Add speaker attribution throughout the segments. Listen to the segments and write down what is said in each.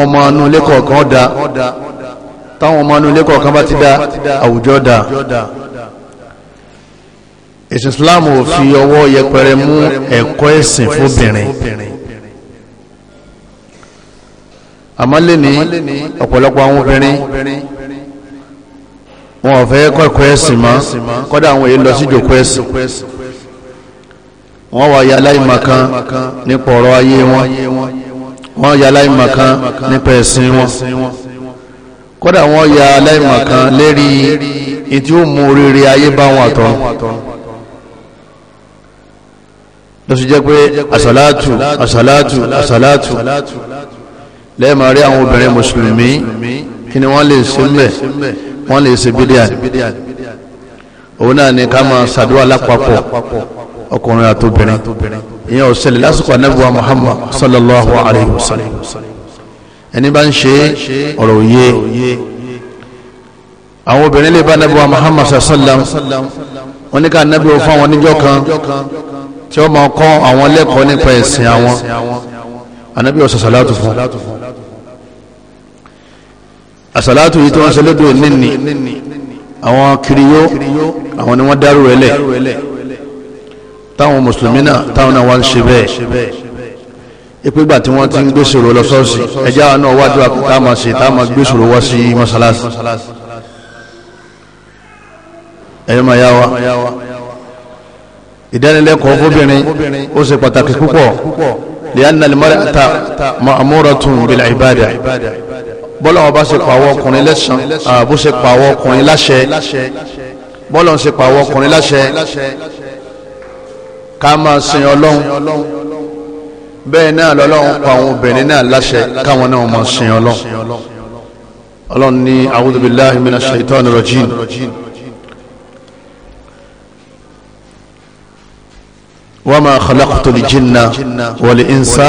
Speaker 1: àwọn ọmọ inú ilé kọ̀ọ̀kan da táwọn ọmọ inú ilé kọ̀ọ̀kan bá ti da àwùjọ da ẹ̀sìn Islam ò fi ọwọ́ yẹpẹrẹ mú ẹ̀kọ́ ẹ̀sìn fóbìnrin àmọ́ lè ní ọ̀pọ̀lọpọ̀ àwọn obìnrin wọn ò fẹ́ kọ́ ẹ̀kọ́ ẹ̀sìn mọ́ kọ́dà àwọn èyí lọ sí ìjòkó ẹ̀sìn wọ́n wà yà láìmọ̀kan nípa ọ̀rọ̀ ayé wọn
Speaker 2: wọ́n ya aláìmọ̀kan nípa ẹ̀sìn wọn
Speaker 1: kódà wọ́n ya aláìmọ̀kan lérí ìtí ó mú rere ayé bá wọn àtọ́ ló sì jẹ́ pé àsàlátù àsàlátù àsàlátù lẹ́ẹ̀mà rí àwọn obìnrin mùsùlùmí kí ni wọ́n lè ṣe mẹ́ wọ́n lè ṣe bídíà òun náà ni ká máa ṣàdúrà lápapọ̀ ọkùnrin àtòbìnrin ìyẹn ò ṣẹlẹ̀ lásìkò anábìwá muhammad sallallahu alayhi wa sallam ẹni bá ń ṣe ọ̀rọ̀ òye àwọn obìnrin lè bá anábìwá muhammad sallam wọn ní ká anábìwá fún àwọn oníjọ́ kan tí ó máa kọ́ àwọn lẹ́kọ̀ọ́ nípa ẹ̀sìn àwọn anábìwá sàṣàlátù fún àṣàlátù yìí tí wọ́n ṣe lódò nínì àwọn kiriyó àwọn ni wọ́n dárú rẹ̀ lẹ̀ táwọn mùsùlùmí náà táwọn náà wá ń ṣe bẹ́ẹ̀ ìpégbà tí wọ́n ti ń gbèsòrò lọ́sọ́ọ̀sì ẹjá náà wájú àpótá máa ṣe tá máa gbèsòrò wá sí mọ́sálásí ẹ̀yọ́ máa yá wa ìdánilẹ́kọ̀ọ́ fóbìnrin ó ṣe pàtàkì púpọ̀ lianna almar'ata ma'muratun bil ibada bọ́lọ̀ wọn bá ṣe pàwọ́ ọkùnrin lẹ́sàn àbó pàwọ́ ọkùnrin láṣẹ bọ́lọ̀ ń ṣe pàwọ́ ọkùnrin láṣẹ ká máa sin ọlọ́run bẹ́ẹ̀ náà lọ́lọ́run pa àwọn obìnrin náà láṣẹ káwọn náà máa sin ọlọ́run ọlọ́run ní a'udhu billahi minash shaitani rajim wa ma khalaqtul jinna wal insa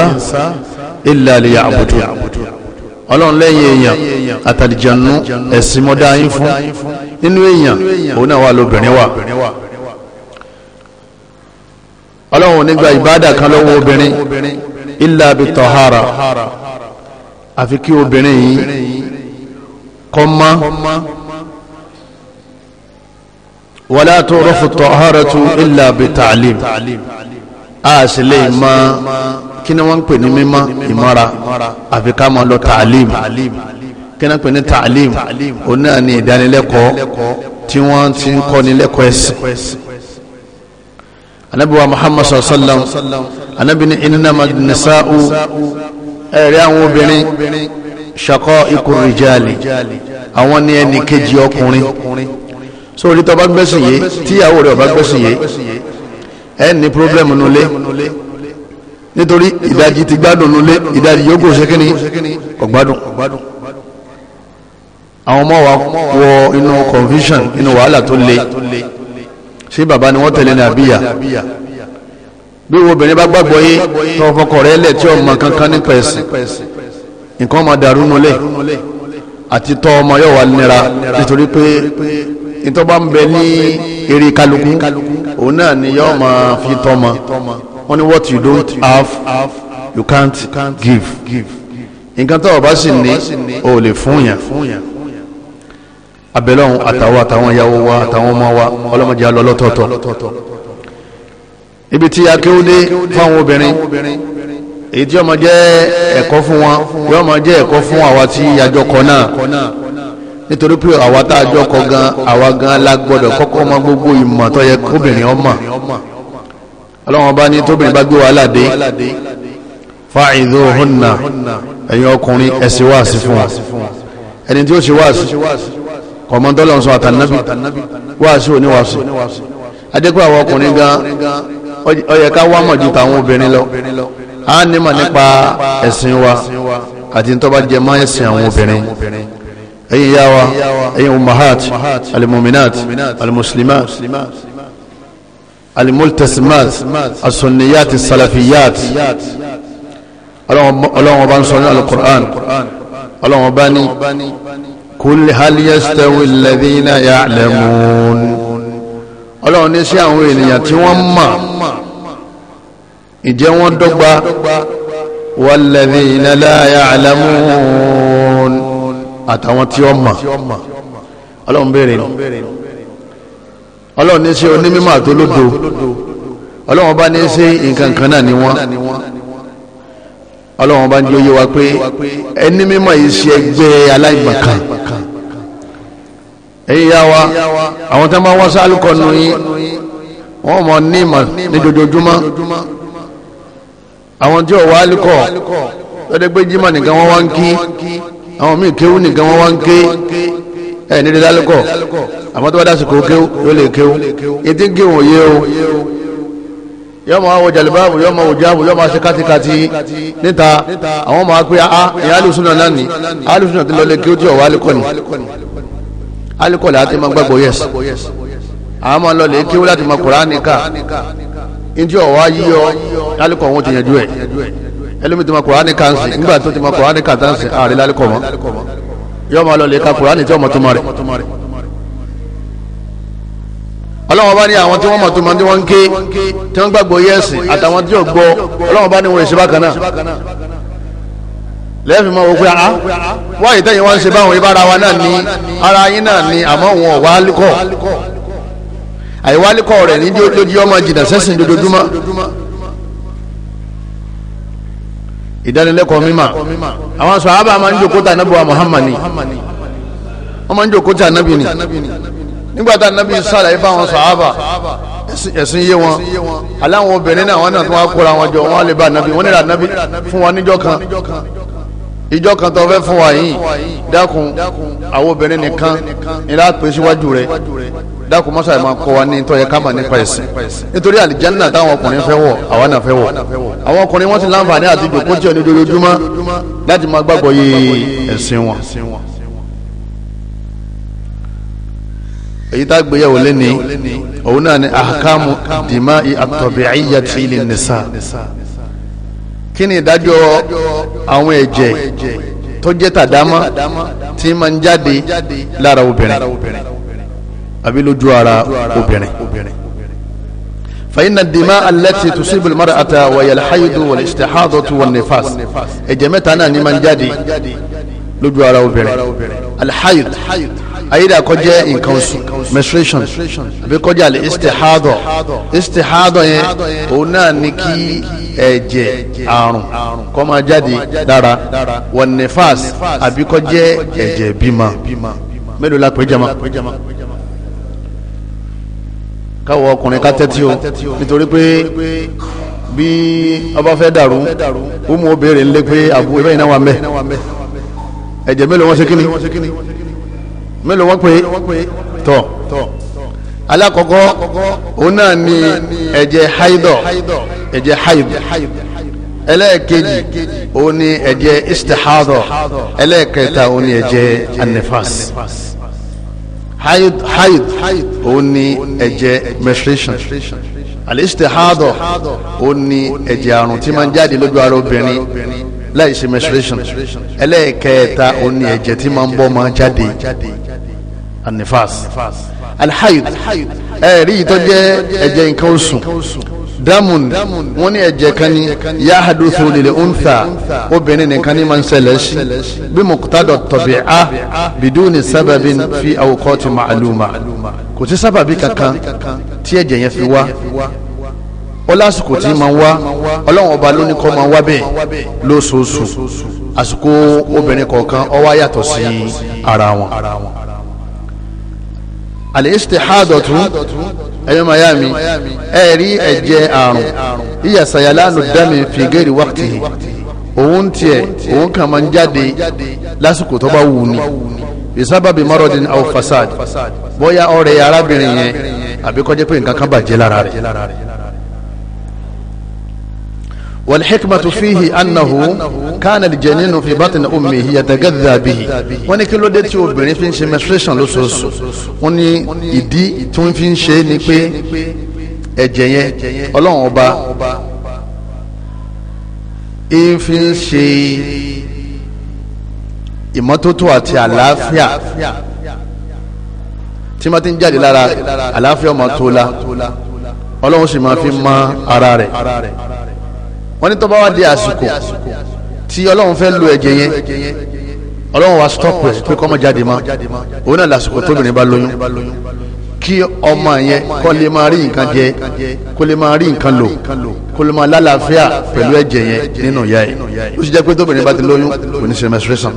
Speaker 1: illa liya'budun ọlọ́run lẹ́yìn èèyàn àtàlìjànú ẹ̀sìn mọ́dá yín fún
Speaker 2: nínú èèyàn òun náà wà lóbìnrin
Speaker 1: wà ọlọ́run ò ní gba ìbádà kan lọ́wọ́ obìnrin illa bi tahara àfi kí obìnrin yìí kọ́ mọ́ wala tu'rafu taharatu illa bi ta'lim a sì lè mọ kí ni wọ́n ń pè ní mímọ́ ìmọ́ra àfi ká mọ́ lọ ta'lim kí ni wọ́n pè ní ta'lim òun náà ni ìdánilẹ́kọ̀ọ́ tí wọ́n ti ń kọ́ ní lẹ́kọ̀ọ́ ẹ̀sìn anabi wa muhammad sallallahu alaihi wasallam anabi ni innama nisa'u ẹ̀rí àwọn obìnrin shaqa'iqu rijali àwọn ní ẹnì kejì ọkùnrin so orí tó bá gbẹ́sìn yé tíyàwó rẹ̀ ọba gbẹ́sìn yé ẹ ní pírọ́blẹ́mù nulẹ̀ nítorí ìdajì ti gbádùn nulẹ̀ ìdajì yókù ṣẹ́kínní ọ̀gbádùn àwọn wa wọ inú confusion inú wàhálà tó le ṣé bàbá ni wọ́n tẹ̀lé ní bí wo obìnrin bá gbàgbọ́ yé tó fọkọ rẹ̀ lẹ̀ tí ọmọ kankan nípa ẹ̀sìn nǹkan ọmọ dàrú nulẹ̀ àti tọ́ ọmọ yóò wà nira nítorí pé ìtọ́ba ń bẹ ní eré kálukú òun náà ni yóò máa fi tọ́ wọ́n ní what you don't have you can't give nǹkan tó o bá sì ní o lè fún yàn abẹ́lọ́hún àtàwọn àtàwọn ìyàwó wa àtàwọn ọmọ wa ọlọ́mọdé alọ́ lọ́tọ̀ọ̀tọ̀ ibi tí akéwúdé fáwọn obìnrin èyí tí ọmọ jẹ́ ẹ̀kọ́ fún wọn yọ ọmọ jẹ́ ẹ̀kọ́ fún àwa tí àjọkọ náà nítorí pé àwa tá a jọkọ gan àwa gan la gbọ́dọ̀ kọ́kọ́ ọmọ gbogbo ìmọ̀ tó yẹ kóbìnrin ọmọ ọlọ́wọ́n bá ní tóbìnrin bá gbé wàhálà dé fáìdó hùnà ẹ̀yin ọkùnrin ẹ̀sìn wáàsí fún ẹni tí ó ṣe wáàsí kọ̀mọ́dọ́lọ́ sọ àtànábì wáàsí oníwàásí adékọ́ àwọn ọkùnrin gan ó yẹ ká wá mọ̀ ju tàwọn obìnrin lọ á nímọ̀ nípa ẹ̀sìn wa àti tó bá jẹ mọ́ ẹ̀sìn àwọn obìnrin ẹ̀yin ìyá wa ẹ̀yin umahat alimuminat alimuslimat alimultasimat asuniyat salafiyat ọlọ́wọ́n bá ń sọ ní alukur'an ọlọ́wọ́n bá ní kul hal yastawi alladhina ya'lamun ọlọ́run ní sí àwọn ènìyàn tí wọ́n mọ̀ ìjẹ́ wọ́n dọ́gba walladhina la ya'lamun àtàwọn tí wọ́n mọ̀ ọlọ́run béèrè ọlọ́run ní sí onímọ̀ àtolódo ọlọ́run bá ní sí nǹkan kan náà ni wọ́n ọlọ́run bá ń di oyé wa pé ẹni mímọ̀ yìí ṣe ẹgbẹ́ aláìmọ̀kan ẹ̀yin yá wa àwọn tó máa wá sálùkọ nù yín wọ́n mọ̀ ní ìmọ̀ ní dojoojúmọ́ àwọn tí ò wá alùkọ lọ́dẹ́ pé jimá nìkan wọ́n wá ń kí àwọn míì kéwú nìkan wọ́n wá ń ké ẹ̀ nílẹ̀ lálùkọ àmọ́ tó bá dásìkò kéwú yóò lè kéwú etí ń kéwú òye o yọ máa wọ jalibabu yọ máa wọ jaabu níta àwọn máa pé a ah, ìyá alùsùnà náà ni alùsùnà ti lọlé kí ó tí ọ̀wá alikọ́ni alikọ́ni àti máa gbàgbọ́ yẹs àwọn máa lọlé kí ó láti máa Kùránì ká ntí ọ̀wá yíyọ alikọ́ wọn ti yànjú ẹ̀ ẹlòmíì ti máa Kùránì ká ń sìn nígbà tó ti máa Kùránì ká tá ń sìn àrẹ lálikọ́ mọ́ lọlé ká Kùránì tí ọmọ tó máa rẹ̀ ọlọ́wọ́n bá ní àwọn tí wọ́n mọ̀ tó máa tí wọ́n ń ké tí wọ́n gbàgbọ́ yẹ́sìn àtàwọn tí yóò gbọ́ ọlọ́wọ́n bá ní wọn ìṣe bákan náà lẹ́yìn mọ̀ wọ́n pé a wọ́n yìí tẹ́yìn wọ́n ń ṣe báwọn ibára wa náà ní ara yín náà ní àmọ́ wọn ò wá lùkọ́ àìwálùkọ́ rẹ̀ ní lójú ọmọ jìnnà sẹ́sìn dojoojúmọ́ ìdánilẹ́kọ̀ọ́ mímà àwọn sọ̀rọ̀ àbá máa ń jòkó tà nábì wa Muhammad ni wọ́n máa ń jòkó tà nábì ni nígbà tá nàbí sàlàyé fáwọn sàhábà ẹ̀sìn yé wọn aláwọn obìnrin náà wọn náà tún wá kóra wọn jọ wọn lè bá nàbí wọn nílà nàbí fún wọn níjọ́ kan ìjọ kan tó fẹ́ fún wa yìí dákun àwọn obìnrin nìkan ni láti rẹ dákun mọ́sàlẹ̀ máa kọ́ wa ní tọ́yẹ ká mà nípa ẹ̀sìn nítorí àlìjánná táwọn ọkùnrin fẹ́ wọ̀ àwa náà fẹ́ wọ̀ àwọn ọkùnrin wọ́n ti láǹfààní àti ìjòkó tí ò láti máa gbàgbọ́ yé ẹ̀sìn wọn. èyí tá a gbéyàwó lẹ́ni òun náà ni ahkamu dìmá àtọ̀bẹ̀ẹ́yà tìlì nìsa kí ni ìdájọ́ àwọn ẹ̀jẹ̀ tó jẹ́ tàdámọ́ tí máa ń jáde lára obìnrin àbí lójú ara obìnrin fàyínà dìmá alẹ́tì tùsíbìlì mara àtàwọ̀ yẹlẹ́ haidu wọlé ìṣtẹ̀hádọ́tù wọlé nìfàs lójú ara obìnrin alhaid ayida kó jẹ́ nǹkan oṣù menstruation àbí kó jẹ́ alistihadọ istihadọ yẹn òun náà ni kí ẹ̀jẹ̀ àrùn kó máa jáde dára wọn nefas àbí kó jẹ́ ẹ̀jẹ̀ bímọ mélòó la pè jama káwọ ọkùnrin ká tẹ́tí o nítorí pé bí ọba fẹ́ dàrú ó mú obìnrin lé pé àbúrò ẹ̀yìn náà wà mẹ́ ẹ̀jẹ̀ mélòó wọ́n ṣe kíni mélòó wọ́n pè é tọ̀ alákọ̀ọ́kọ́ òun náà ni ẹ̀jẹ̀ haidọ̀ ẹ̀jẹ̀ haidọ̀ ẹlẹ́ẹ̀kejì òun ni ẹ̀jẹ̀ istihadọ̀ ẹlẹ́ẹ̀kẹta òun ni ẹ̀jẹ̀ anifas haid haid òun ni ẹ̀jẹ̀ menstruation alistihadọ̀ òun ni ẹ̀jẹ̀ àrùn tí máa ń jáde lójú ara obìnrin láì ṣe menstruation ẹlẹ́ẹ̀kẹta òní ẹ̀jẹ̀ tí máa ń bọ́ máa jáde anifas alhaid ẹ̀rí ìtọ́jẹ́ ẹ̀jẹ̀ nǹkan oṣù damun wọ́n ní ẹ̀jẹ̀ kan ní yahadu tholile untha obìnrin nìkan ní máa ń ṣẹlẹ̀ sí bí mọ̀kútàdọ̀ tọ̀bìá sábàbí fi awqati ma'luma kò sí sábàbí kankan tí ẹ̀jẹ̀ yẹn fi wá ó lásìkò tí ma wá ọlọ́run ọba ló ní kọ́ ma wá bẹ́ẹ̀ lóṣooṣù àsìkò obìnrin kọ̀ọ̀kan ó wá yàtọ̀ sí ara wọn. àlè istihadatu ẹ̀yọ́ mayami ẹ̀ rí ẹ̀jẹ̀ àrùn iyà sayalanu dami fi ghairi waqtihi òun tiẹ̀ òun kàn máa ń jáde lásìkò tó bá wù ní bisababi marodin aw fasad bóyá ọ̀rẹ́ arábìnrin yẹn àbí nǹkan kan bàjẹ́ lára rẹ̀. والحكمة فيه أنه كان الجنين في بطن أمه يتغذى به wọ́n ní kí ló dé tí obìnrin fi ń ṣe menstruation lóṣooṣù wọ́n ní ìdí tí wọ́n fi ń ṣe ni pé ẹ̀jẹ̀ yẹn ọlọ́run ọba ń fi ń ṣe ìmọ́tótó àti àlàáfíà tí wọ́n ti ń jáde lára àlàáfíà ọmọ tó la ọlọ́run sì máa fi mọ́ ara rẹ̀ wọ́n ní tó bá wá di àsìkò tí ọlọ́run fẹ́ lo ẹ̀jẹ̀ yẹn ọlọ́run wa stop ẹ̀ pé kó má jáde mọ́ òun náà lásìkò tóbìnrin bá lóyún kí ọmọ yẹn kó lè máa rí nǹkan jẹ kó lè máa rí nǹkan lò kó lè máa lálàáfíà pẹ̀lú ẹ̀jẹ̀ yẹn nínú ìyá ẹ̀ ó sì jẹ́ pé tóbìnrin bá ti lóyún kò ní ṣe menstruation.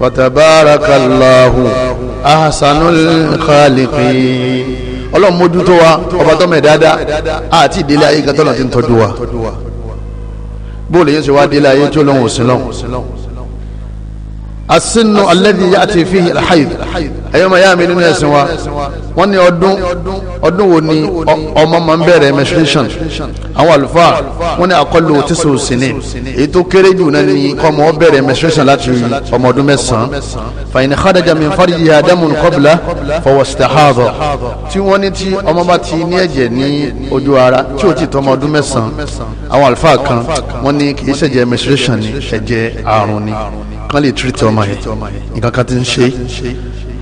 Speaker 1: wa tabarakallahu ahsanul khaliqin ọlọ́run mójútó wa ọba tó mẹ̀ dáadáa àti ìdílé ayé kan tọ́lọ̀ ti ń tọ́jú wa bóòlù yẹn ṣe wá délé ayé tó lóhùn òsínlọ́hùn asinu alladhi ya'ti fihi alhayd ẹ̀yọ́ màá yá mi nínú ẹ̀sìn wa wọ́n ní ọdún ọdún wo ni ọmọ máa ń bẹ̀rẹ̀ menstruation àwọn àlùfáà wọ́n ní àkọlù tíṣù sínú èyí tó kéré jù náà ni kọ́mọ bẹ̀rẹ̀ menstruation láti ọmọ ọdún mẹ́sàn-án fàyìn xadajà mi fari yìí adamu kọ́bìlà fọwọ́sítàhàbọ̀ tí wọ́n ní tí ọmọ bá ti ní ẹ̀jẹ̀ ní ojú ara tí ó ti tọ́ ọmọ ọdún mẹ́sàn-án àwọn àlùfáà kan wọ́n ní kì í ṣẹ̀jẹ̀ menstruation ni ẹ̀jẹ̀ àrùn ni kán lè tírìtì ọmọ yẹn nǹkan kan ti ń ṣe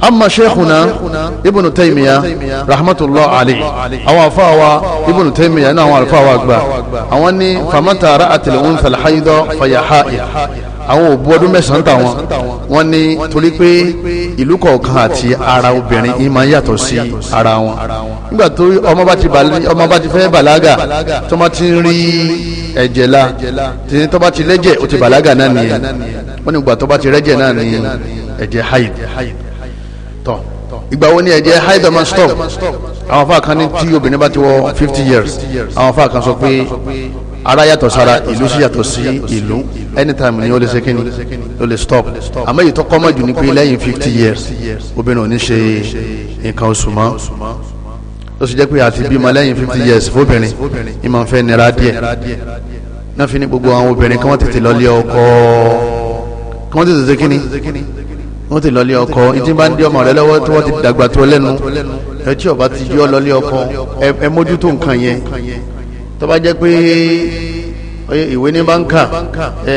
Speaker 1: amma sheikhuna ibnu taymiya rahmatulah ali àwọn afáwa ibnu taymiya ní àwọn alfáwa gba àwọn ní famatara atilun salhaidọ fayahaid àwọn òbu ọdún mẹ́sàn-án táwọn wọ́n ní torí pé ìlú kọ̀ọ̀kan àti ara obìnrin yìí máa ń yàtọ̀ sí ara wọn nígbà tó ọmọ bá ti fẹ́ bàlágà tó bá ti ń rí ẹ̀jẹ̀ la tó bá ti lẹ́jẹ̀ ó ti bàlágà náà nìyẹn wọ́n ní ìgbà tó bá ti rẹ́jẹ̀ náà ní ẹ̀jẹ̀ haid tọ ìgbà wo ni ẹ̀jẹ̀ haidha man stop àwọn afa kan ní tí obìnrin bá ti wọ fifty years àwọn afa kan sọ pé ara yàtọ̀ sára ìlú sí yàtọ̀ sí ìlú anytime ni ó lè ṣe kíni ó lè stop àmọ́ èyí tó kọ́mọ̀ jù ni pé lẹ́yìn fifty years obìnrin ò ní ṣe nǹkan oṣù mọ́ ó sì jẹ́ pé àti bímọ lẹ́yìn fifty years fóbìnrin ìmọ̀ nfẹ́ nira díẹ̀ náà fi ní gbogbo àwọn obìnrin kí wọ́n tètè lọ lé ọkọ kí wọ́n tètè ṣe kíni wọ́n ti lọlé ọkọ ìdí bá ń dí ọmọ rẹ lọ́wọ́ tí wọ́n ti dàgbà tó lẹ́nu ẹ tí ọba ti yọ lọlé ọkọ ẹ mójútó nǹkan yẹn tó bá jẹ́ pé ìwé ní báńkà ẹ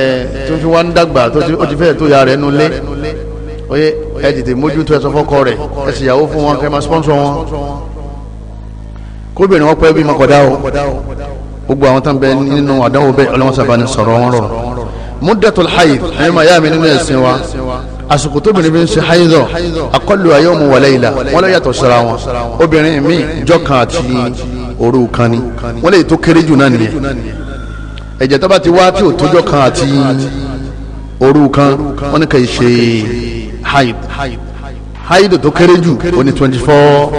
Speaker 1: tó fi wá ń dàgbà tó ti fẹ́ tó ya rẹ̀ nulẹ̀ oye ẹ tètè mójútó ẹ sọ fọ́kọ rẹ̀ ẹ sì yàwó fún wọn kẹ́ máa sponsor wọn kóbìnrin wọn pẹ́ bí mọ̀kọ́dá o gbogbo àwọn tán bẹ nínú àdánwò bẹ́ẹ̀ ọlọ́wọ́n sábà ní sọ̀rọ̀ wọn rọrùn àsìkò tóbìnrin bí ń ṣe háyìdọ̀ àkọlù ayọ́mu wa layla wọ́n lè yàtọ̀ síra wọn obìnrin mi jọ́kan àti òru kan ni wọ́n lè tó kéré jù náà nìyẹn ẹ̀jẹ̀ tó bá ti wá tí ò tójọ́ kan àti òru kan wọ́n ní kà í ṣe háyìd tó kéré jù ó ní twenty four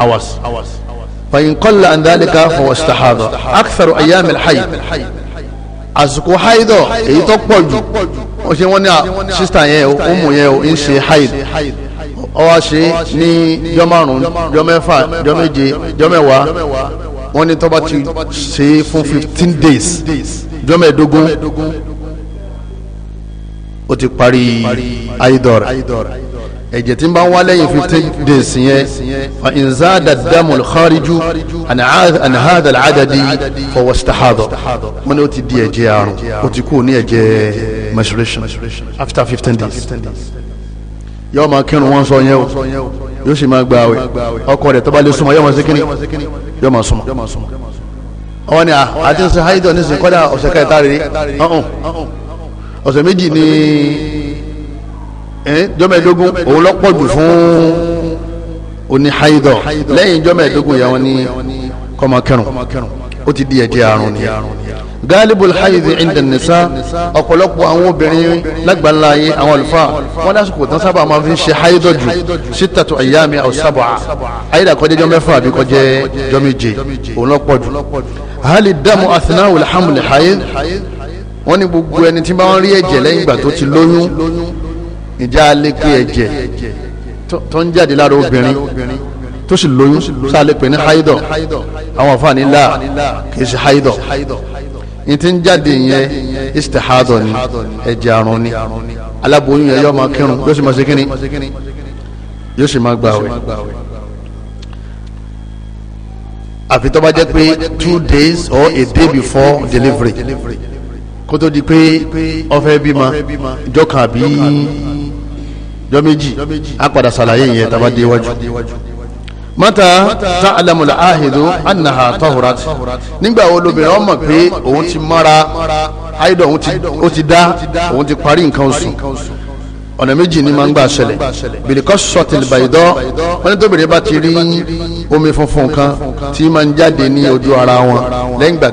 Speaker 1: hours fàyín kọ́lá àndálíkà fọwọ́ sítàhádọ̀ akthar ayyam al-hayd àsìkò háyìdọ̀ èyí tó pọ̀ jù ó ṣe wọ́n ní ah, sísítà yẹn o ọmọ yẹn o ń ṣe haid ó wá ṣe ní jọ márùn jọ mẹ́fà jọ méje jọ mẹ́wàá
Speaker 2: wọ́n ní tó bá ti ṣe fún fifteen days
Speaker 1: jọ mẹ́ẹ̀ẹ́dógún ó ti parí ayidọ̀rẹ̀ ẹ̀jẹ̀ tí ń bá ń wá lẹ́yìn fifteen days yẹn fa inza dadamu khariju anahada aladadi fọwọ́ sitahadọ wọn ni ó ti di ẹ̀jẹ̀ àrùn ó ti kú ní ẹ̀jẹ̀ menstruation after fifteen days yóò máa kírun wọn sọ yẹn o yóò sì máa gba àwẹ̀ ọkọ rẹ̀ tó lè súnmọ́ yóò máa ṣe kíni yóò máa súnmọ́ àwọn ni àti ń ṣe haidọ ní sìn kọ́dà ọ̀sẹ̀ kẹta rèé ọ̀hún ọ̀sẹ̀ méjì ni jọ́mẹ̀ẹ́dógún òun lọ́pọ̀ jù fún oní haidọ lẹ́yìn jọ́mẹ̀ẹ́dógún yẹn wọn ni kọ́mọ kírun ti di ẹ̀jẹ̀ àrùn nìyẹn galibul haidi inda nisa ọ̀pọ̀lọpọ̀ àwọn obìnrin lágbàlá ayé àwọn àlùfáà wọn lásìkò tán sábà máa fi ń ṣe haidọ̀ jù sítàtù ayyami aw sab'a ayédà kọjá jọ mẹ́fà àbí kọjá jọ méje òun lọ́pọ̀ jù hali damu athnawul hamli haid wọ́n ní gbogbo ẹni tí wọ́n rí ẹ̀jẹ̀ lẹ́yìn ìgbà tó ti lóyún ìjà alékè ẹ̀jẹ̀ tó ń jáde lára obìnrin tó sì lóyún sáà lè pè ní àwọn àfààní là kì í ṣe haidọ̀ ìtì ń jáde yẹn istihadọ ni ẹ̀jẹ̀ àrùn ni aláboyún yẹn yóò máa kírun yóò sì máa ṣe kíni yóò sì máa gbààwẹ̀ àfi tó jẹ́ pé two days or a day before delivery kó tó di pé ó fẹ́ bímọ ìjọ kan àbí ìjọ méjì á padà ṣàlàyé yẹn tá a iwájú mata ta alamula ahidu anaha tahurat nígbà wo lóbìnrin ọmọ pé òun ti mara haidọ òun ti da òun ti parí nǹkan oṣù ọ̀nà méjì ni máa ń gbà ṣẹlẹ̀ bìrìkọ́ sọ̀tì ìbàdàn wọn ní tóbìnrin bá ti rí omi funfun kan tí máa ń jáde ní ojú ara wọn lẹ́yìn ìgbà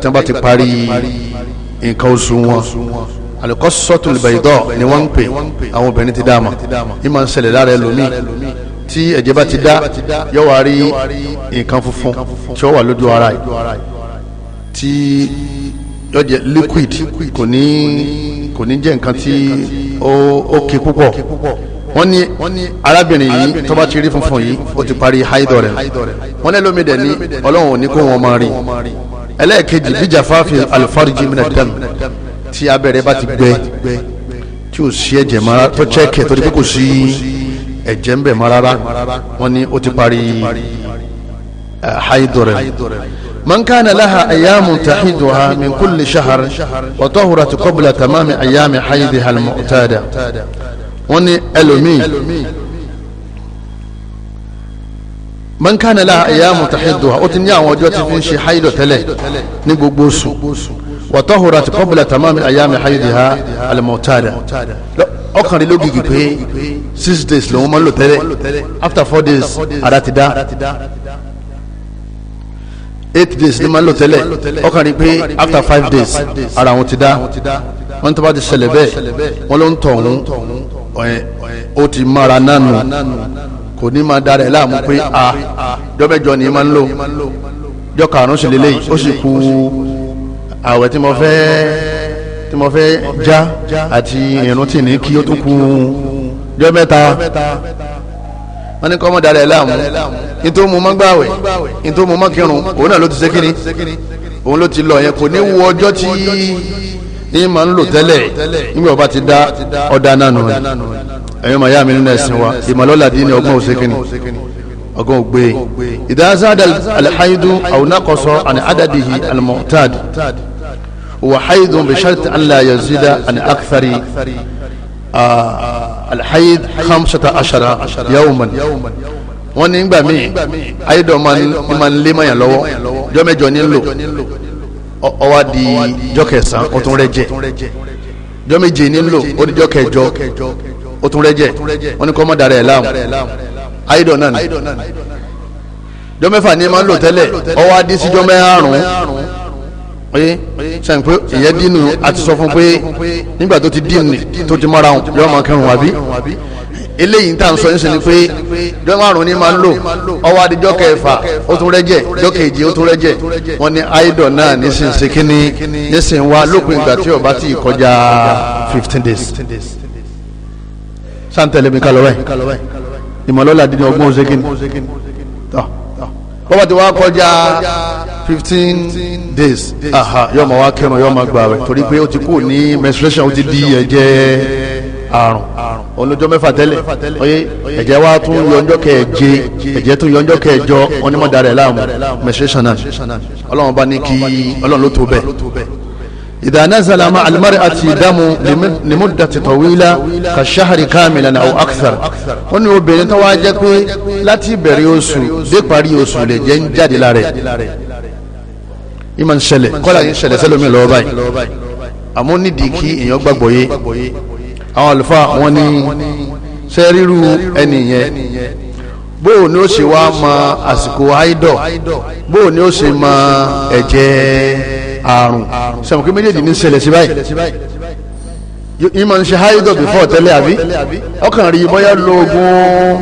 Speaker 1: tí wọ́n bá ti parí nǹkan oṣù wọn alikọ́sọ́tù bayidọ́ ni wọ́n ń pè àwọn obìnrin ti dá a ma i ma ń ṣẹlẹ̀ lára ẹ lómi tí ẹ̀jẹ̀ bá ti dá yóò wá rí nǹkan funfun tí ó wà lójú ara yìí tí yóò jẹ liquid kò ní kò ní jẹ́ nǹkan tí ó ké púpọ̀ wọ́n ní arábìnrin yìí tó ti rí funfun yìí ó ti parí haidọ̀ rẹ̀ wọ́n ní lómi dẹ̀ ní ọlọ́run ò ní kó wọn máa rí ẹlẹ́ẹ̀kejì bíjà fáfi alifariji minadam tí abẹ́rẹ́ bá ti gbẹ tí ò sí ẹ̀jẹ̀ mara tó chẹ́kẹ̀ torí pé kò sí ẹ̀jẹ̀ ń bẹ̀ mọ́ rárá wọ́n ní ó ti parí haidore man kana laha ayyamun tahiduha min kulli shahr wa tahurat qabla tamami ayyami haidiha almu'tada wọ́n ní ẹlòmíì man kana laha ayyamun tahiduha ó ti ní àwọn ọjọ́ tí fi ń ṣe haidọ̀ ní gbogbo oṣù wọ́tọ́hùrọ̀ àti kọ́bùlà tamami ayami haydiha alimọ̀tàdà ọkànlélógìgì pé six days lòun máa ń lò after four days ara ti dá eight days ni máa ń lò tẹ́lẹ̀ ọkànlélógìgì pé after five days ara wọn ti dá wọn tó bá ti ṣẹlẹ̀ bẹ́ẹ̀ wọn ló ń tọ̀ ọ̀hún ó ti mára nánu kò ní máa darẹ̀ láàmú pé a jọ́bẹ́jọ́ ni máa ń lò jọ́ karùn-ún sì àwẹ̀ tí mo fẹ́ tí mo fẹ́ já àti irun tì ní kí ó tún kú jọ mẹ́ta wọ́n ní kọ́mọ́ darẹ̀ láàmú nítorí mo máa gbàwẹ̀ nítorí mo máa kírun òun náà ló ti ṣe kíni òun ló ti lọ yẹn kò ní wo ọjọ́ tí ní ma ń lò tẹ́lẹ̀ nígbà ọba ti dá ọ̀dà náà rẹ̀ ẹ̀yin ọmọ ìyá mi nínú ẹ̀sìn wa ìmọ̀lọ́lá dín ní ọgbọ́n òṣèkìnì ọgbọ́n ògbé ìdásá alhaidu aunakọsọ àni adadihi almọ̀tad هو بشرط أن لا يزيد عن أكثر الحيض خمسة عشر يوما wọ́n ní gbà míì ayédọ̀ máa ń lé mọ́yàn lọ́wọ́ jọ́ mẹ́jọ nílò ọwá di jọ́ kẹsàn-án ó tún rẹ́jẹ̀ jọ́ méje nílò ó di jọ́ ó tún rẹ́jẹ̀ wọ́n ní kọ́ mọ́ darẹ̀ láàmú ayédọ̀ náà ni jọ́ ni máa ń lò tẹ́lẹ̀ ọwá di sí jọ́ mẹ́rùn pé sẹ́yìn pé ìyẹn dínú àti sọ fún pé nígbà tó ti dínú tó ti mọ́ra wọn yọ ọmọ kẹrùn wá bí eléyìí tá à ń sọ nísìnyí pé jọ márùn ni máa ń lò ọwọ́ adijọ́ kẹfà ó tún rẹ́jẹ̀ jọ́ kejì ó tún rẹ́jẹ̀ wọ́n ní idol náà nísinsìnyí kíní nísinsìnyí wá lópin ìgbà tí ó ti kọjá fifteen days sáńtẹ̀lẹ́mí kálọ̀ báyìí ìmọ̀lọ́lá dídí ọgbọ́n ṣe kíni tọ́ bọ́bá ti wá kọjá fifteen days yóò máa wá kẹrun yóò máa gbààwẹ̀ torí pé ó ti kú ní menstruation ó ti di ẹ̀jẹ̀ àrùn ọlọ́jọ́ mẹ́fà tẹ́lẹ̀ oye ẹ̀jẹ̀ wa tún yọjọ́ kẹ̀jẹ ẹ̀jẹ̀ tún yọjọ́ kẹjọ onímọ̀dàrẹ̀ láàmú menstruation náà ọlọ́run bá ní kí ọlọ́run ló tó bẹ́ẹ̀. إذا نزل مع المرأة دم لمدة طويلة كالشهر كاملا أو أكثر wọ́n ní obìnrin tó wá jẹ́ pé láti bẹ̀rẹ̀ oṣù dé parí oṣù lè jẹ́ ń jáde lára ẹ̀ ìmọ̀ ń ṣẹlẹ̀ kọ́lá yìí ń ṣẹlẹ̀ sẹ́lómi lọ́wọ́ báyìí àmọ́ nídìí kí èèyàn gbàgbọ́ yé àwọn àlùfáà wọn ní ṣe ríru ẹni yẹn bóò ni ó ṣe wá mọ àsìkò àìdọ̀ bóò ni ó ṣe mọ ẹ̀jẹ̀ àrùn sẹ̀mùkú méjèèjì ní ṣẹlẹ̀ sí báyìí ìmọ̀ ní ṣe háyídọ̀ before tẹ́lẹ̀ àbí ọkàn rí bóyá lóògùn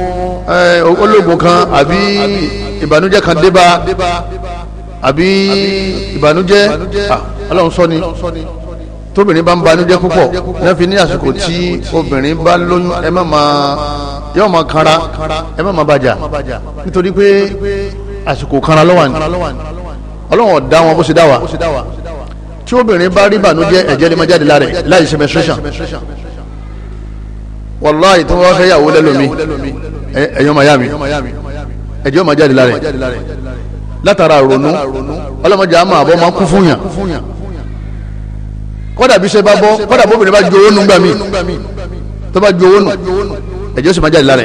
Speaker 1: olóògùn kan àbí ìbànújẹ́ kan débá àbí ìbànújẹ́ ọlọ́run sọ ni tóbìnrin bá ń banújẹ́ púpọ̀ náà fi ní àsìkò tí obìnrin bá lóyún ẹ má máa yóò máa kanra ẹ má máa bàjá nítorí pé àsìkò kanra lọ́wọ́ ni ọlọ́run ọ̀dá wọn bó ṣe dá wa tí obìnrin bá rí bànújẹ́ ẹ̀jẹ̀ lè má jáde lára ẹ̀ láì ṣe menstruation wàláì tí wọ́n fẹ́ yàwó lẹ́lòmí ẹ̀yọ́ miami ẹ̀jẹ̀ má jáde lára ẹ̀ látara ronú ọlọ́mọdé àmọ́ àbọ̀ máa kú fún yàn kọ́dà bí ṣe bá bọ́ kọ́dà bóbìnrin bá ju owó nù gbà mí tó bá ju owó nù ẹ̀jẹ̀ ó sì má jáde lára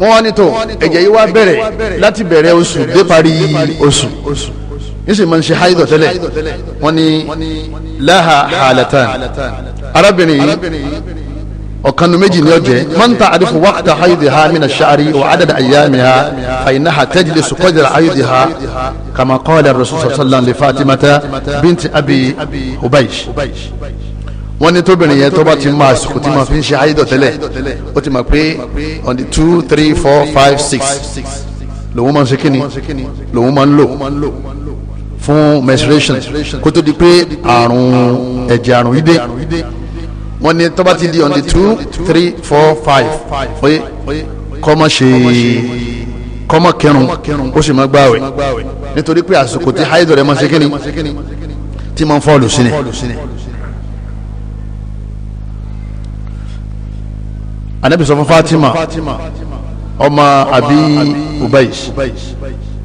Speaker 1: wọ́n wá nítò ẹ̀jẹ̀ yìí wá bẹ̀rẹ̀ láti bẹ̀rẹ̀ oṣù dé parí oṣù yíṣe máa ń ṣe haidọ̀ tẹ́lẹ̀ wọ́n ní láha halatan arábìnrin yìí ọ̀kanu méjì ni ó jẹ́ man ta'rifu waqta haidiha mina sha'ri wa adada ayyamiha fa innaha tajlisu qadra haidiha kama qala rasul sallallahu alaihi wa sallam li fatimata binti abi hubaysh wọ́n ní tóbìnrin yẹn tó bá ti máa sùkú tí máa fi ń ṣe àyídọ̀ tẹ́lẹ̀ ó ti máa pé on the two three four five six lòun máa ń ṣe kíni lòun máa ń lò fún menstruation kó tó di pé àrùn ẹ̀jẹ̀ àrùn yìí dé wọ́n ní tó bá ti di on the two three four five pé kọ́ máa ṣe kọ́ máa kẹrun ó sì máa gbààwẹ̀ nítorí pé àsìkò tí àyídọ̀ rẹ̀ máa ṣe kíni tí máa ń fọ́ọ̀lù sí ni. anabi sọ fún fatima ọmọ abi ubayis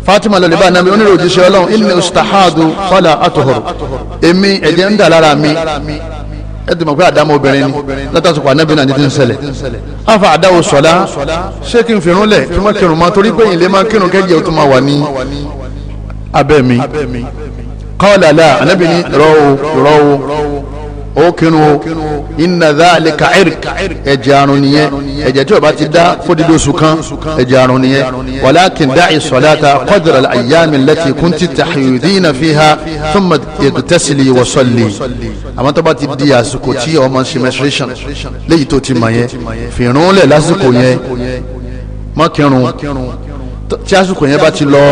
Speaker 1: fatima lọ lè bá anabi onírò òjíṣẹ́ ọlọ́run ilmi ustahadu fọlá atuhuru èmi ẹ̀jẹ̀ ń dà lára mi ẹ̀dùn mọ̀ pé àdámọ́ obìnrin ni látàtúkọ̀ anabi náà ní ti ń ṣẹlẹ̀ afa àdáwò sọ̀lá ṣé kí n fìrún lẹ̀ kí n má kírun mọ́ torí pé ìlé máa kírun kẹ́jẹ́ o tún máa wà ní abẹ́ mi kọ́ọ̀lá la anabi ní rọ́ọ̀ rọ́ọ̀ ó kírun o inna dhalika irq ẹ̀jẹ̀ àrùn nìyẹn ẹ̀jẹ̀ tí o bá ti dá fódìdó oṣù kan ẹ̀jẹ̀ àrùn nìyẹn walakin da'i salata qadra al-ayyami allati kunti tahidina fiha thumma igtasili wa salli àmọ́ tó bá ti di àsìkò tí ọmọ ṣe menstruation léyìí tó ti mọ̀ yẹn fìrún lẹ̀ lásìkò yẹn má tí àsìkò yẹn bá ti lọ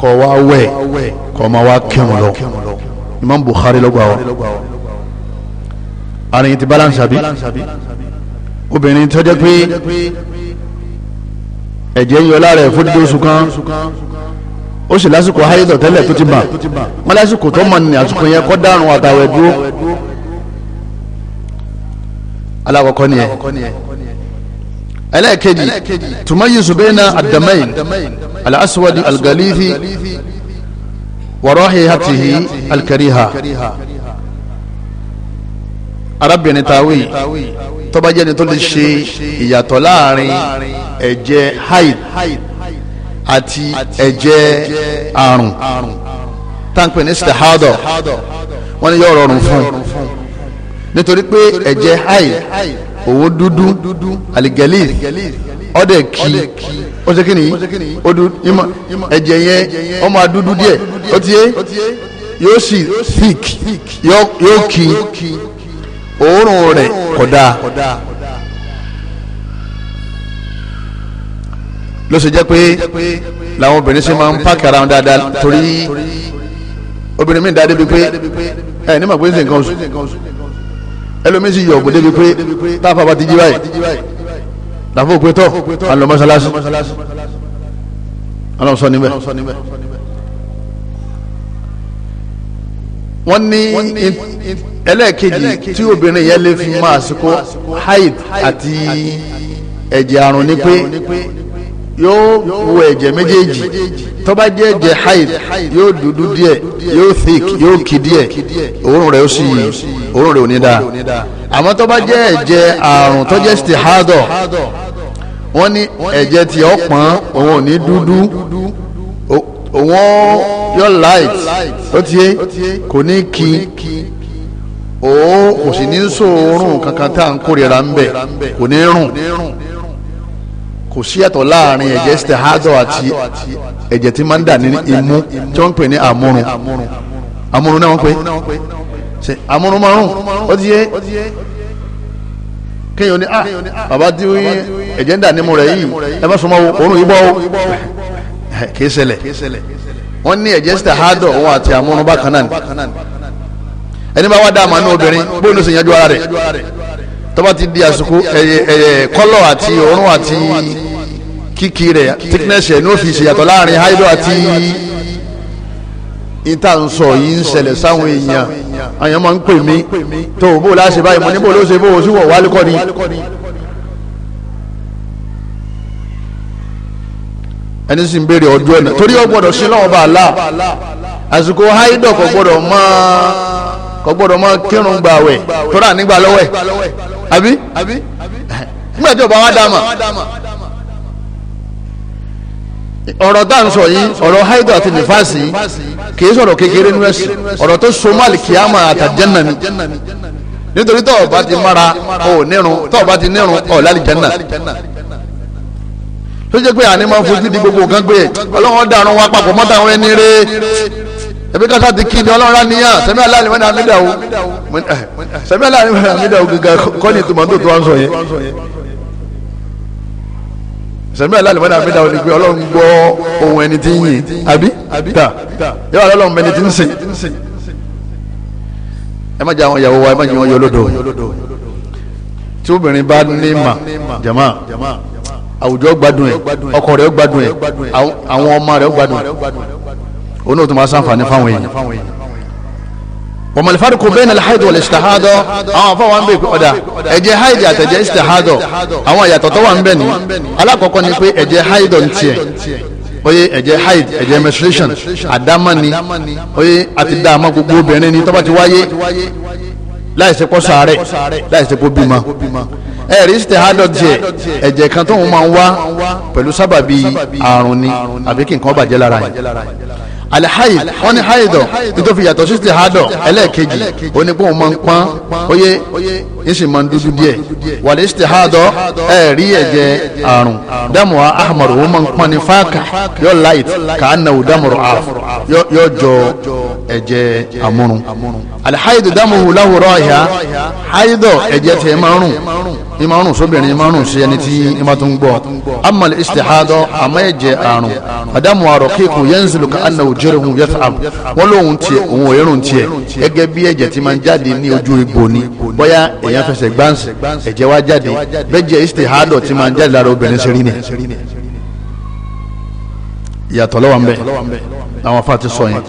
Speaker 1: kọ̀ wá wẹ̀ kọ̀ ma àrùn ti balance àbí obìnrin tó jẹ́ pé ẹ̀jẹ̀ ń yọ lára ẹ̀ fún dídé oṣù kan ó sì lásìkò háyédọ̀ tẹ́lẹ̀ tó ti bà wọ́n lásìkò tó mọ̀ ní àsìkò yẹn kọ́ dárùn àtàwẹ̀ dúró alákọ̀ọ́kọ́ ni ẹ̀ ẹlẹ́ẹ̀kejì tumayizu bayna ad-damayn al-aswad al-ghalithi wa rahihatihi al-kariha arábìnrin tawí
Speaker 2: tọ́ba jẹ́ni tó lè ṣe ìyàtọ̀ láàrin
Speaker 1: ẹ̀jẹ̀ haid àti ẹ̀jẹ̀ àrùn táǹpẹ̀ ní stahadọ wọ́n ní yóò rọrùn fún nítorí pé ẹ̀jẹ̀ haid òun dúdú àlìgẹ́lì ọdẹ kí ó ṣe kí ni odun ẹ̀jẹ̀ yẹn ọmọ adúdú díẹ̀ ó ti yóò sì thick yóò kí òórùn rẹ̀ kódà ló ṣe jẹ́ pé làwọn obìnrin ṣe máa ń pààkì ara wọn dáadáa torí obìnrin mi dáa débi pé ẹ ní màgbé ṣe nǹkan oṣù ẹlòmíín sì yọ̀ ọ̀gbìn débi pé táfà bá ti jí báyìí làwọn òpétọ́ àlọ́ mọ́ṣáláṣí alọ́ sọ níbẹ̀. wọ́n ní ẹlẹ́ẹ̀kejì tí obìnrin yẹn lè fi máa àsìkò haid àti ẹ̀jẹ̀ àrùn ni pé yóò wo ẹ̀jẹ̀ méjèèjì tó bá jẹ́ ẹ̀jẹ̀ haid yóò dúdú díẹ̀ yóò thick yóò kì díẹ̀ òórùn rẹ̀ ó sì òórùn rẹ̀ ò ní dáa àmọ́ tó bá jẹ́ ẹ̀jẹ̀ àrùn tó jẹ́ stihadọ̀ wọ́n ní ẹ̀jẹ̀ tí ó pọ́n òun ò ní dúdú òun your light ó ti yé kò ní kí ó kò sì ní sòórùn kankan tá à ń kórìíra ń bẹ̀ kò ní rùn kò sí ẹ̀tọ́ láàrin ẹ̀jẹ̀ stahadọ̀ àti ẹ̀jẹ̀ tí máa ń dà ní imú tí wọ́n ń pè ní àmúrun àmúrun náà wọ́n pè ṣe àmúrun máa ó ti yé kéèyàn ní ah bàbá tí ẹ̀jẹ̀ ń dà nímú rẹ̀ yìí ẹ bá sọ ma wo òórùn yìí bọ́ o kìí ṣẹlẹ̀ wọ́n ní ẹ̀jẹ̀ sitahadọ̀ òun àti àmúnubá kan náà ẹni bá wá dá àmọ́ ní obìnrin bóyá ló sì yanjú ara rẹ̀ tó ti di àsìkò ẹ̀yẹ kọ́lọ̀ àti òórùn àti kíkì rẹ̀ thickness ẹ̀ ní ó fi ṣèyàtọ̀ láàrin haido àti ìta ń sọ yìí ń ṣẹlẹ̀ sáwọn èèyàn àyàn máa ń pè mí tó o bó o láṣẹ báyìí mo ní bó o ló ṣe bó o sì wọ̀ wálé kọ́ ni. ẹni sì ń béèrè ọjọ́ ẹ̀nà torí ó gbọ́dọ̀ sí lọ́wọ́ bá a la àsìkò haidọ̀ kò gbọ́dọ̀ máa kò gbọ́dọ̀ máa kírun gbà wẹ̀ tọ́ra nígbà lọ́wọ́ ẹ̀ àbí nígbà tí ọba wa dá mà ọ̀rọ̀ tá à ń sọ yìí ọ̀rọ̀ haidọ̀ àti nífàsì kì í sọ̀rọ̀ kékeré nínú ẹ̀sìn ọ̀rọ̀ tó so máàlì kìámà àtàjẹ́nà ni nítorí tọ́ọ̀ bá ti mára ò nírun tọ́ọ̀ bá ti nírun ọ̀ lálìjẹ́nà tó jẹ́ pé àní máa ń fojú di gbogbo nǹkan gbé ọlọ́run dàrún wa papọ̀ mọ́tà àwọn ẹni rẹ̀ ẹbí kásá ti kí ni ọlọ́run ráníyàn sẹ́mi aláàlú mẹ́ta mídà o eh, sẹ́mi aláàlú mẹ́ta mídà o gíga kọ́ ni ìtumọ̀ tó wá ń sọ yẹn sẹ́mi aláàlú mẹ́ta mídà o ni pé ọlọ́run gbọ́ ohun ẹni tí ń yìn àbí ta yóò wá lọ́lọ́run mẹ́ni tí ń sìn ẹ má jẹ́ àwọn ìyàwó wa ẹ má jẹ́ wọn yọ tí obìnrin bá ní mà jàmá àwùjọ gbádùn ẹ ọkọ rẹ gbádùn ẹ àwọn ọmọ rẹ gbádùn ẹ òun náà tún máa ṣàǹfààní fáwọn èèyàn. wàmọ̀lẹ́ fari kò bẹ́ẹ̀ nàlẹ́ haidu wàlẹ́ istahadọ́ àwọn afọ wa ń bẹ̀ ọ̀dà ẹ̀jẹ̀ haidu àtẹ̀jẹ̀ istahadọ́ àwọn ìyàtọ̀ tó wà ń bẹ̀ ni alákọ̀ọ́kọ́ ni pé ẹ̀jẹ̀ haidu ń tiẹ̀ oye ẹ̀jẹ̀ haid ẹ̀jẹ̀ menstruation àdámọ́ni oye àti dààmú gbogbo obìnrin ni tó bá ti wáyé láìsí pọ́ sàárẹ̀ láìsí pọ́ bímọ ẹ rí istihadọ jẹ ẹ̀jẹ̀ kan tóun máa ń wá pẹ̀lú sábàbí àrùn ni àbí kí nǹkan bàjẹ́ lára yẹn alihayid wọn ni hayidọ nítorí yàtọ̀ sí istihadọ ẹlẹ́ẹ̀kejì onípò wọn máa ń pọ́n oyè yíṣì máa ń dúdú díẹ̀ wàlẹ̀ istihadọ ẹ̀ rí ẹ̀jẹ̀ àrùn dàmú ahmaru wọn máa ń pọn ní fáàkà yọ light kàánàwó dàmúrò àf yọ jọ ẹ̀jẹ̀ àmúrun alihaidu dàmú làwòrán ọ̀yà haidọ ẹ̀jẹ̀ tẹ̀ máa ń rùn ìmọ̀rún sóbìnrin ìmọ̀rún sí ẹni tí ìmọ̀ tó ń gbọ́ amali istihadọ àmọ́ ẹ̀jẹ̀ àrùn àdàmú àrò kíkùn yanzilu kàánà òjòròhùn yẹtàm wọn lóhun tiẹ̀ òun òyìnrún tiẹ̀ gẹ́gẹ́ bí ẹ̀jẹ̀ ti máa ń jáde ní ojú egbò ni bóyá ẹ̀ èèyàn fẹsẹ̀ gbáǹsì ẹ̀jẹ̀ wá jáde bẹ́jẹ̀ istihadọ̀ tí máa ń jáde lára obìnrin ṣe rí ni ìyàtọ̀ lọ́wọ́ ń bẹ àwọn afa ti sọ yẹn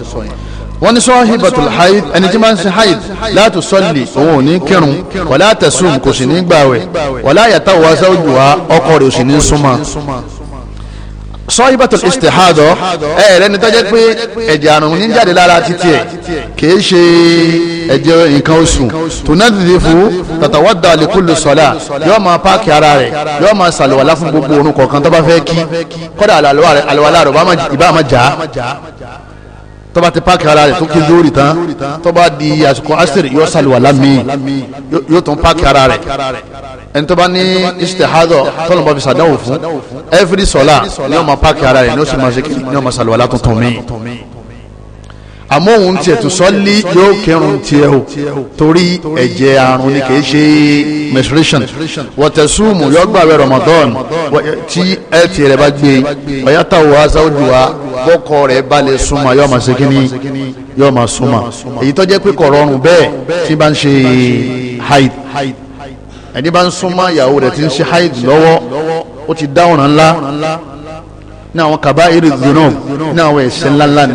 Speaker 1: wọ́n ní sahibatul haid ẹni tí máa ń ṣe haid la tusalli òun ò ní kírun wala tasum kò sì ní gbàwẹ̀ wala yatawazawjuha ọkọ rẹ̀ ò sì ní súnmọ́ sọ́yìnbàtò istihadọ ẹ rẹ ni tọ́jẹ́ pé ẹ̀jẹ̀ àrùn ní jáde lára títí ẹ̀ kìí ṣe ẹ̀jẹ̀ nǹkan oṣù tunadifu tatawadda likulli sọ́lá yóò máa páàkì ara rẹ̀ yóò máa ṣàlùwàlá fún gbogbo orun kọ̀ọ̀kan tó bá fẹ́ kí kọ́dà àlùwàlá rẹ̀ ìbá máa jà tó bá ti páàkì ara rẹ̀ tó kí lórí tán tó bá di àsìkò asiri yóò ṣàlùwàlá mi, yóò tún páàkì ara rẹ̀ ẹni tó bá ní istihadọ tọ́lọ́mọ bí sàdáwò fún every sọlá ní ọmọ páàkì ara rẹ̀ ní oṣù màṣẹ kìíní ní ọmọ sàlùwàlá tuntun mi àmọ́ òun tiẹ̀ tó sọ́lí yóò kírun tiẹ̀ o torí ẹ̀jẹ̀ àrùn ni kìí ṣe menstruation wọ́tẹ̀sùmù yọ́gbà rẹ̀ Ramadan tí ẹ̀ tiẹ̀ rẹ̀ bá gbé ọ̀yàtà wà sáwọ́dù bọ́kọ rẹ̀ bá súnmọ́ yóò máa ṣe kíní yóò máa súnmọ́ èyí tó pé kò rọrùn bẹ́ẹ̀ tí bá ń ṣe haid ẹni bá ń súnmọ́ ìyàwó rẹ̀ ti ń ṣe haid lọ́wọ́ ó ti dá ọ̀ràn ńlá ní àwọn kaba'iri dhunub ní àwọn ẹ̀ṣẹ̀ ńláńlá ni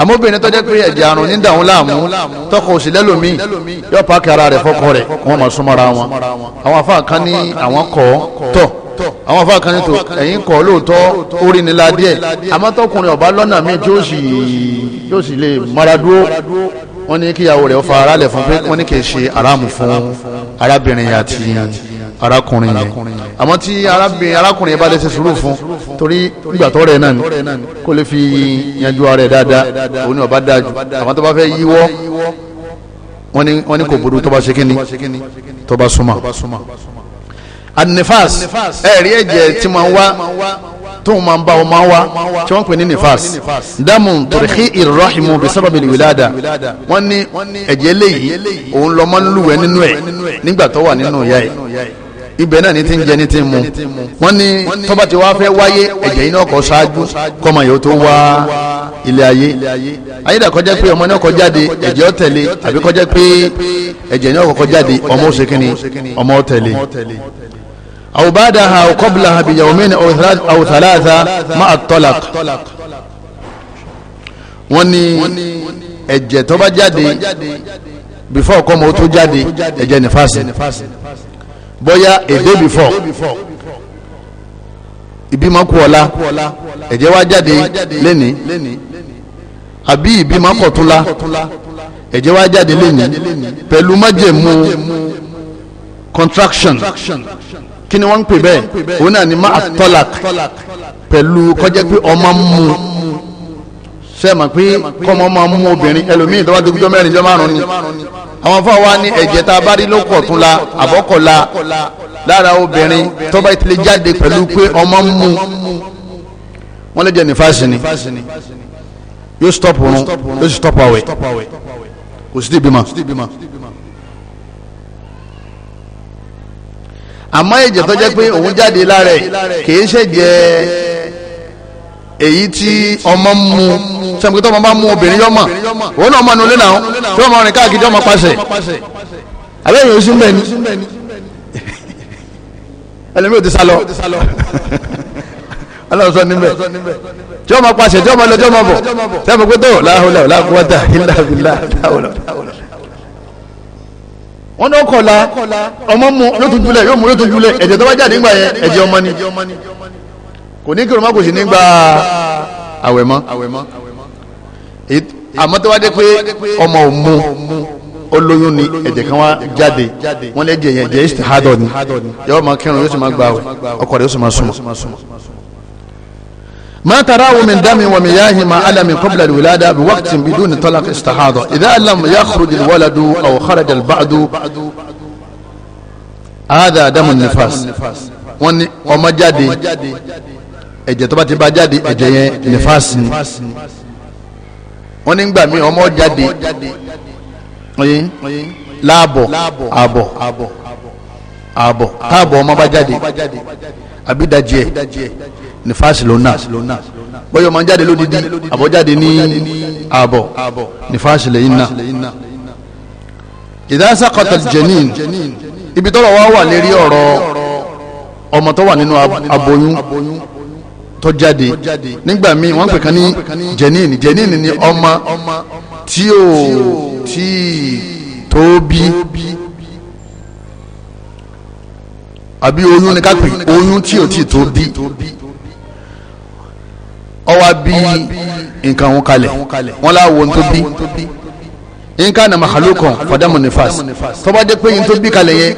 Speaker 1: àmọ́ obìnrin tó jẹ́ pé ẹ̀jẹ̀ àrùn ní dàún láàmú tọkọ òsì lẹ́lòmíì yóò pààkì ara rẹ̀ fọkọ rẹ̀ wọ́n máa súnmọ́ra wọn àwọn afáà kan ní àwọn kọ́ tọ̀ àwọn afáà kan ní tò ẹ̀yìn kọ́ lóòótọ́ orí nílá díẹ̀ àmọ́ tọkùnrin ọ̀bá lọ́nà míì tí ó sì lè máradúró wọ́n ní kíyàwó rẹ̀ ó fa aráàlẹ̀ fún pé wọ́n ní kì í ṣe aráàmù fún arábìnrin àti arákùnrin yẹn àmọ́ tí arákùnrin yẹn bá lè ṣe sùúrù fún torí ìgbà tó rẹ̀ náà ni kó lè fi yanjú ara rẹ̀ dáadáa òun ni ọba dáa jù tó bá fẹ́ yíwọ́ wọ́n ní kò burú tó bá ṣe kíni tó bá súnmọ́. anifas ẹ̀rí ẹ̀jẹ̀ tí máa ń wá tóun máa ń bá ọmọ wa tí wọ́n ń pè ní nifas dámù tòrìkì ìrọ̀hìmù bí sábàbí ìwìlàdà wọ́n ní ẹ̀jẹ̀ léyìí òun lọ máa ń lúwẹ̀ nínú ẹ̀ nígbà tó wà nínú ìyá ẹ̀ ibẹ̀ náà ni ti ń jẹ ni ti ń mu wọ́n ní tọ́ba tí wàá fẹ́ wáyé ẹ̀jẹ̀ iná kọ́ ṣáájú kọ́mọ yóò tó wá ilé ayé ayédàkọjá pé ọmọ náà kọjáde ẹ̀jẹ̀ ó tẹ̀lé àbíkọjá pé ẹ̀jẹ̀ náà kọjáde ọmọ ó ọmọ ó tẹ̀lé أو بعدها أو قبلها بيومين أو ثلاث أو ثلاثة مع الطلاق wọ́n ní ẹ̀jẹ̀ tó bá jáde before kọ́mọ ó tó jáde ẹ̀jẹ̀ nífàsì bóyá èdè before ìbímọ kú ọ̀la ẹ̀jẹ̀ wá jáde lẹ́ni àbí ìbímọ kọ̀túnla ẹ̀jẹ̀ wá jáde lẹ́ni pẹ̀lú contraction. contraction kí ni wọ́n ń pè bẹ́ẹ̀ òun náà ni má a tọ́lak pẹ̀lú kọjá pé ọmọ mú ṣe mà pé kọ́mọ máa mú obìnrin ẹlòmíì tó bá mẹ́rin jọ márùn ni àwọn fún wa ní ẹ̀jẹ̀ tá a bá rí lókọ̀ tún la àbọ̀kọ̀ la lára obìnrin tó bá tilẹ̀ jáde pẹ̀lú pé ọmọ mú wọ́n lè jẹ́ ní fásini yóò stop òun yóò stop àwẹ̀ kò sí ti bímọ. àmọ́ ẹ̀jẹ̀ tó jẹ́ pé òun jáde lára ẹ̀ kìí ṣẹ̀jẹ̀ èyí tí ọmọ ń mu sẹ́mi tó ọmọ bá mú obìnrin yọmọ
Speaker 2: òun náà mọ̀ ní olé náà tí wọ́n
Speaker 1: mọ̀ rìn káàkiri ọmọ pàṣẹ àbẹ́yìn oṣù mbẹ́ ni ẹlẹ́mìí ò ti sálọ ọlọ́run sọ níbẹ̀ tí ọmọ pàṣẹ tí ọmọ lọ tí ọmọ bọ̀ sẹ́mi pé tó láhùlà láhùlà ilà bìlà láhùlà wọn náà kọ̀la ọmọ mu yóò tún júlẹ̀ yóò mu yóò tún júlẹ̀ ẹ̀jẹ̀ tó bá jáde nígbà yẹn ẹ̀jẹ̀ ọmọ ni kò ní kírun má kò sí nígbà àwẹ̀ mọ́ àmọ́ tó wá dé pé ọmọ ò mu olóyún ni ẹ̀jẹ̀ kan wá jáde wọ́n lẹ́jẹ̀ yẹn ẹ̀jẹ̀ ìsìtì hádọ̀ ni yóò máa kírun yóò sì máa gbà ọkọ rẹ̀ yóò sì máa súnmọ́. ما تراه من دم ومياه مع ألم قبل الولادة بوقت بدون طلق استحاضة إذا لم يخرج الولد أو خرج البعد هذا دم النفاس wọ́n ní ọmọ jáde ẹ̀jẹ̀ tó bá ti bá jáde ẹ̀jẹ̀ yẹn nífàsì ni wọ́n ní gbà mí ọmọ jáde láàbọ̀ àbọ̀ àbọ̀ àbọ̀ táàbọ̀ ọmọ bá jáde àbídàjẹ́ ní fásilónà bọ́yọ̀ máa ń jáde lódìdí àbọ̀jáde ní ààbọ̀ ní fásilónà ìdásàkọ̀tà jẹ̀nín ibi tọ́rọ̀ wá wà lérí ọ̀rọ̀ ọmọ tó wà nínú aboyún tó jáde nígbà míì wọ́n pè kan ní jẹ̀nín jẹ̀nín ni ọmọ tí ò tí tó bí àbí oyún ni ká pè oyún tí ò tí tó bí ọwá bi nǹkan òun kalẹ̀ wọn láwo ń tó bí nǹkan náà màkàlù kan fọdàmù nífàs tọ́ba jẹ́ pé yín tó bí kalẹ̀ yẹn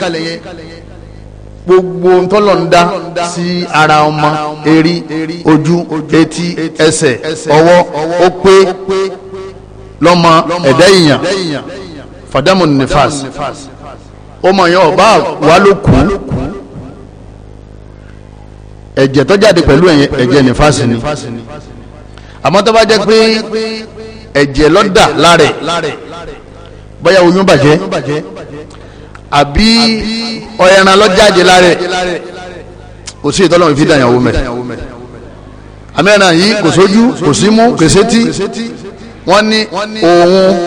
Speaker 1: gbogbo ntọ́lọ̀ ń dá sí ara ọmọ erí ojú etí ẹsẹ̀ ọwọ́ ó pé lọ́mọ ẹ̀dá èèyàn fọdàmù nífàs ọmọ yẹn ọba wa ló kú ẹ̀jẹ̀ tó jáde pẹ̀lú ẹ̀jẹ̀ nífàsì ni àmọ́ tó bá jẹ́ pé ẹ̀jẹ̀ lọ́dà lárẹ̀ bóyá oyún bàjẹ́ àbí ọ̀ẹ̀ràn lọ́jáde lárẹ̀ kò sí ìtọ́lọ́run fi dàyàwó mẹ́ àmẹ́rà yìí kò sójú kò sí mú kò sétí wọ́n ní òun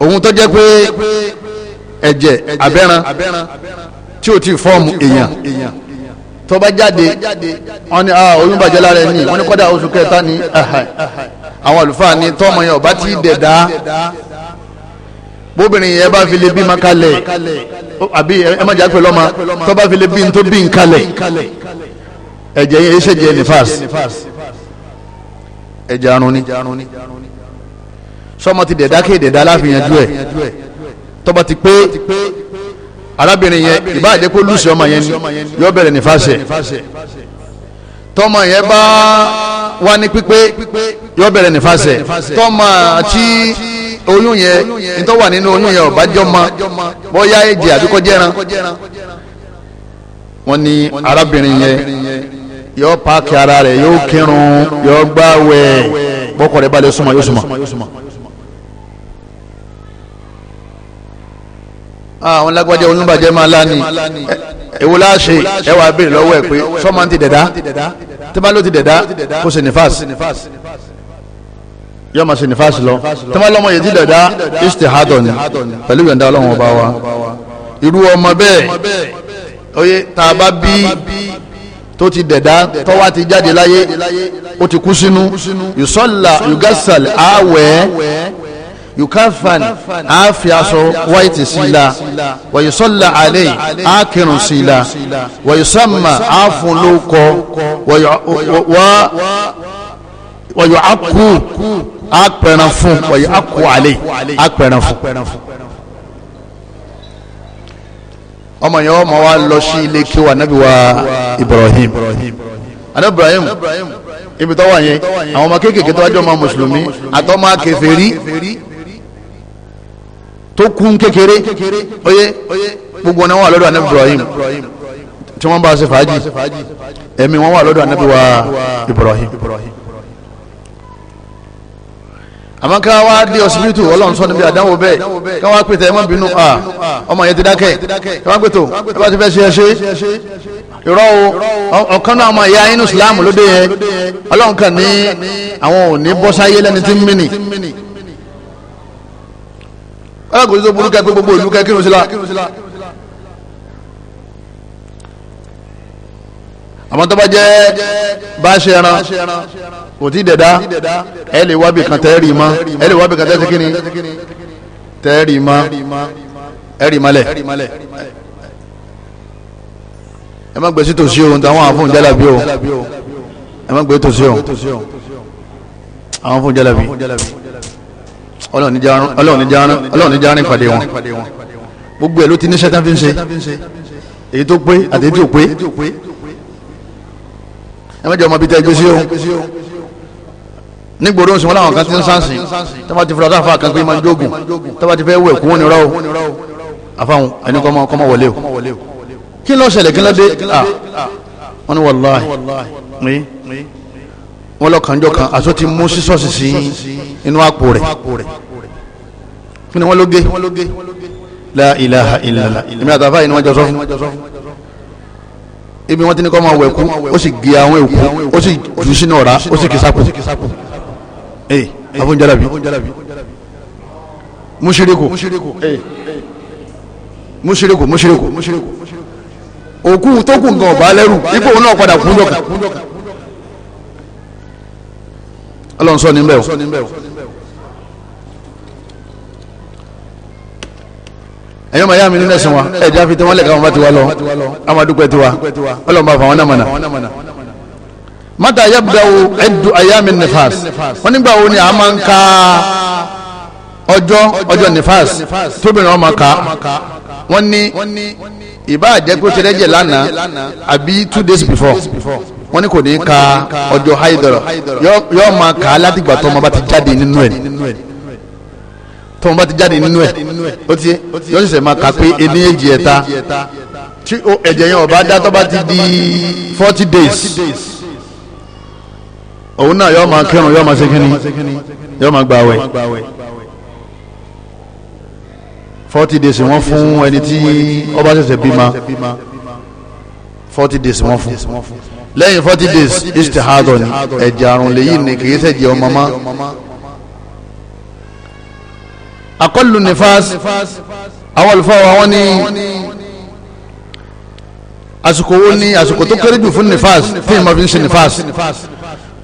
Speaker 1: òun tó jẹ́ pé ẹ̀jẹ̀ abẹ́ran tí o ti fọ́ọ̀mù èèyàn tó bá jáde wọ́n ní ah, oyún bàjẹ́ lára ẹni wọ́n ní kọ́dà oṣù kẹta ni àwọn àlùfáà ni tọ́mọ yẹn ọba ti dẹ̀dá bóbìnrin yẹn bá fi lè bí ma kalẹ̀ àbí ẹ má jà pé lọ́mọ tó bá fi lè bí n tó bí n kalẹ̀
Speaker 2: ẹ̀jẹ̀ yẹn ẹ̀ṣẹ̀ jẹ́ nifas
Speaker 1: ẹ̀jẹ̀ arun ni sọmọ ti dẹ̀dá kéde dá láfi yanjú ẹ̀ tọ́ba ti pé arábìnrin yẹn ìbáàjẹ́ kó lùsì ọmọ yẹn yọ bẹ̀rẹ̀ nífàsẹ̀ tọmọ yẹn bá wà ní pípé yọ bẹ̀rẹ̀ nífàsẹ̀ tọmọ àti oyún yẹn nítorí wà nínú oyún yẹn ọ̀bájọ́ ma bóyá èdè àbíkọ́ jẹ́ran wọ́n ní arábìnrin yẹn yọ paaki ara rẹ̀ yóò kírun yọ gbáwẹ̀ bọ́kọ̀ rẹ̀ balẹ̀ súnmọ́ yóò súnmọ́. Ah, àwọn lágbájá olúbàjẹ́ máa lá ni eh, èwo la ṣe ẹ wàá béèrè lọ́wọ́ ẹ̀ pé sọ́mà ti dẹ̀dá tẹ́bá ló ti dẹ̀dá kó ṣe nífàsì yọ ma ṣe nífàsì lọ tẹ́bá lọ́mọ yìí ti dẹ̀dá istihadọ ni pẹ̀lú yọ̀ǹda ọlọ́run ọba wa irú ọmọ bẹ́ẹ̀ oye tá a bá bí tó ti dẹ̀dá tọ́wá ti jáde láyé ó ti kú sínú yusọ́là yugasal awẹ́ yukafan a fi aṣọ white sila wayusalla alay a kírun sila wayusamma a fún lóko wayuaku a pẹran fún wayuaku alay a pẹran fún ọmọ yẹn ọmọ wa lọ sí ilé kí wa nabi wa Ibrahim anabi Ibrahim ibi tó wà yẹn àwọn ọmọ kéékèèké tó wájú ọmọ mùsùlùmí àtọmọ akẹfẹ rí tó kún kékeré oyé gbogbo náà wà lọ́dọ̀ anabi ibrahim tí wọ́n bá ṣe fàájì ẹ̀mí wọn wà lọ́dọ̀ anabi wa ibrahim àmọ́ ká wá dé ọsibítù ọlọ́run sọ níbi àdánwò bẹ́ẹ̀ ká wá pété ẹ má bínú à ọmọ yẹn ti dákẹ́ ká wá pété ẹ bá ti fẹ́ ṣe ẹ ṣe irọ́ o ọ̀kan náà ọmọ ìyá inú islam lóde yẹn ọlọ́run kàn ní àwọn ò bọ́sáyé lẹ́ni tí ń mìnì alákòóso burú kẹ pé gbogbo ìlú kẹ kírun sí la. àmọ́ tó bá jẹ́ bá ṣe ẹran kò tí dẹ̀dá ẹ lè wá bìkan tẹ́ rì mọ́ ẹ lè wá bìkan tẹ́ sí tẹ́ rì mọ́ ẹ rì mọ́lẹ̀ ẹ má gbé tòsí o táwọn àfún jálàbí o ẹ má gbé tòsí o àwọn fún jálàbí ọlọ́run níjà arún ọlọ́run níjà arún ìpàdé wọn gbogbo ẹ̀ ló ti níṣẹ́ tán fi ń ṣe èyí tó pé àti èyí tó pé ẹ mẹ́jọ ọmọ bíi tẹ́ gbé sí o nígboro nsọ wọn làwọn kan ti ń sánsìn tọ́ba ti fura tó àfa kan pé máa ń jogun tọ́ba ti fẹ́ wẹ̀ kún ní rọ́ọ̀ àfahàn ẹni kọ́ ọmọ wọlé o kí ló ṣẹlẹ̀ kí ló dé ah wọn ni wàláhi wọn lọ́kànjọ́ kan àtúntò ti mú sísọ́ọ̀sì sí inú àpò rẹ̀ kí ni wọ́n ló gé la ilaha illallah èmi àtàfà inú wọn jọ sọ fún ibi wọn ti ní kọ́ máa wẹ̀kú ó sì gé àwọn èkú ó sì jù sínú ọ̀rá ó sì kìsàpò ee afúnjalabi mushiriku mushiriku mushiriku òkú tó kù nǹkan ọ̀bá lẹ́rù ipò náà padà kúnjọ ọlọ́run sọ níbẹ̀ o. ẹ̀yọ́ màá yá mi nínú ẹ̀sìn wa ẹ̀jẹ̀ àfi tí wọ́n lè ká wọn bá ti wá lọ amadukwe tiwa ọlọ́run bá fà wọn náà mọ̀nà. mata yabdawo ẹdu ayami nifas wọn nígbà wo ni a máa ń ka ọjọ́ ọjọ́ nifas tóbìnrin ọmọ ká wọ́n ní ìbá àjẹkù ṣẹlẹ̀ jẹ̀ lánàá àbí two days before wọ́n ní kò ní ka ọjọ́ haidara yóò máa kà á látìgbà tó ọmọ bá ti jáde nínú ẹ̀ tó ọmọ bá ti jáde nínú ẹ̀ ó ti yọ ṣẹ̀ṣẹ̀ máa kà pé ení èjì ẹ̀ta tí ẹ̀jẹ̀ yẹn ọba dá bá ti di forty days òun náà yóò máa kírun yóò máa ṣe kínní yóò máa gbààwẹ̀ forty days wọ́n fún ẹni tí ọba ṣẹ̀ṣẹ̀ bímọ forty days wọ́n fún lẹ́yìn forty days istihadọ ni ẹ̀jẹ̀ àrùn lèyí ni kì í ṣẹ̀jẹ̀ ọmọ mọ́ akọlù nifas àwọn olùfọwọ́ àwọn ní àsìkò wo ni àsìkò tó kéré jù fún nifas fún ìmọ̀ fi ń ṣe nifas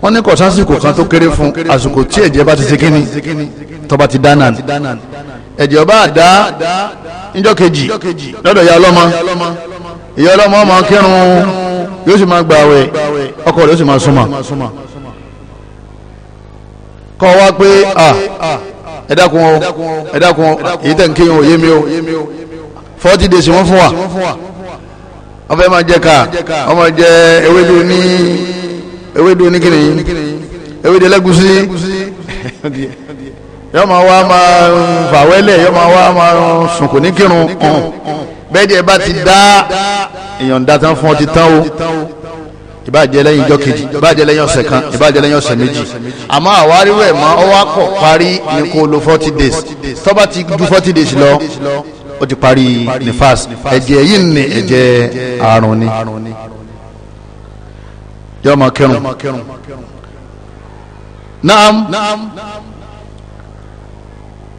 Speaker 1: wọ́n ní kọ̀ọ̀sán kan tó kéré fún àsìkò tí ẹ̀jẹ̀ bá ti ṣe kíni tó ti dáná ẹ̀jẹ̀ ọba àdá níjọ́ kejì lọ́dọ̀ ìyá ọlọ́mọ ìyá ọlọ́mọ ọmọ kírun yóò sì máa gba àwẹ̀ ọkọ rẹ̀ yóò sì máa súnmọ́ kọ́ wá pé ẹ dákun o ẹ dákun o èyí tẹ̀ ń kéyìn o yé mi o forty days wọ́n fún wa ọfẹ máa jẹ ká ọmọ jẹ ewédú ní ewédú ní kìnì ewédú ẹlẹ́gúsí yọ máa wá máa fàwẹ́lẹ̀ yọ máa wá máa sùn kò ní kírun bẹ́ẹ̀ díẹ̀ bá ti dá èèyàn dá tán fún ọ ti tán o ìbàjẹ́ lẹ́yìn ijọ́ kejì ìbàjẹ́ lẹ́yìn ọ̀sẹ̀ kan ìbàjẹ́ lẹ́yìn ọ̀sẹ̀ méjì àmọ́ àwárí rẹ̀ mọ́ ọ wá kọ̀ parí ní kó lo forty days tó bá ti ju forty days lọ ó ti parí nifas ẹ̀jẹ̀ yìí ni ẹ̀jẹ̀ àrùn ni yọmọ kẹrùn naam. naam. naam.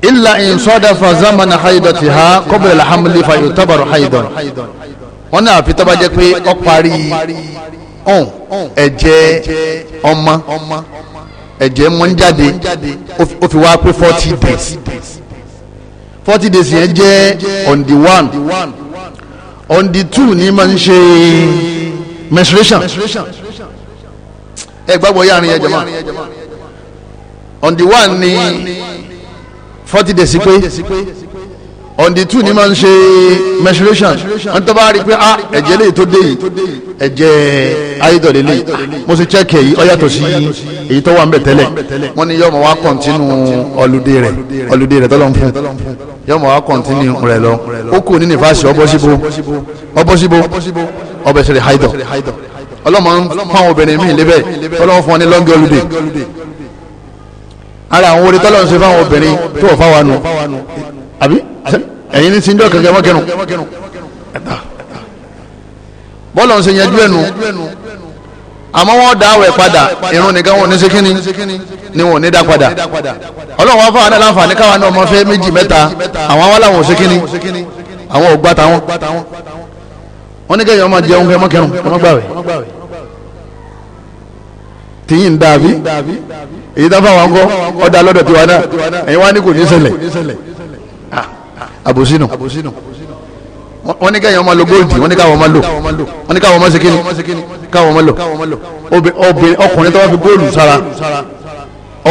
Speaker 1: إلا إن صادف haidọ ti قبل الحمل alhamdulilayi fa yóò tabaru haidọ wọn náà fi tọ́ba jẹ́ pé ọ parí ọ̀n ẹ̀jẹ̀ ọmọ ẹ̀jẹ̀ days 40 days يجي on the one on the two ni máa ń menstruation ẹ gbàgbọ́ yára yẹn jẹ́ on the one ni forty days pé on the two ni máa ń ṣe menstruation wọ́n tó bá rí i pé ah ẹ̀jẹ̀ lè tó dé yìí ẹ̀jẹ̀ ayédọ̀lẹ̀ lè mo sì check èyí ó yàtọ̀ sí èyí tó wà ń bẹ̀ tẹ́lẹ̀ wọ́n ní yọ́mọ̀ wá continue ọ̀lùdé rẹ̀ ọ̀lùdé rẹ̀ tọ́lọ́ ń fún yọ́mọ̀ wá continue rẹ̀ lọ ó kù ní nífàsì ọbọ̀síbo ọbọ̀síbo ọbẹ̀sẹ̀rẹ̀ haidọ̀ ọlọ́mọ fún àwọn obìnrin míì lébẹ̀ long holiday ara àwọn orí tọ́lọ́ ń ṣe fáwọn obìnrin tó wọ́n fáwọn nù àbí ẹ̀yin ní sinjọ́ kẹ̀kẹ́ mọ́kẹ́nu bọ́ọ̀lù ń ṣe yẹn jú ẹ̀nu àmọ́ wọ́n dá àwẹ̀ padà irun nìkan wọn ò ní ṣe kíni ni wọn ò ní dá padà ọlọ́run wọn fáwọn náà láǹfààní káwọn náà mọ fẹ́ méjì mẹ́ta àwọn wọn làwọn ò ṣe kíni àwọn ò gbá táwọn wọn ní kẹ́yìn ọmọ jẹun kẹ́ mọ́kẹ́nu ọmọ gbàwẹ̀ tìyìn dàbí èyí táwọn àwọn kọ ọ̀dà lọ́dọ̀ tiwa náà ẹ̀yin wá ní kò ní ṣẹlẹ̀ ah, ah. àbòsínú wọ́n ní káyọ̀ ọmọ lo góòlì wọ́n ní káwọ̀ ọmọ lò wọ́n ní káwọ̀ ọmọ ṣe kíni káwọ̀ ọmọ lò obìnrin ọkùnrin tó wá fi góòlù sára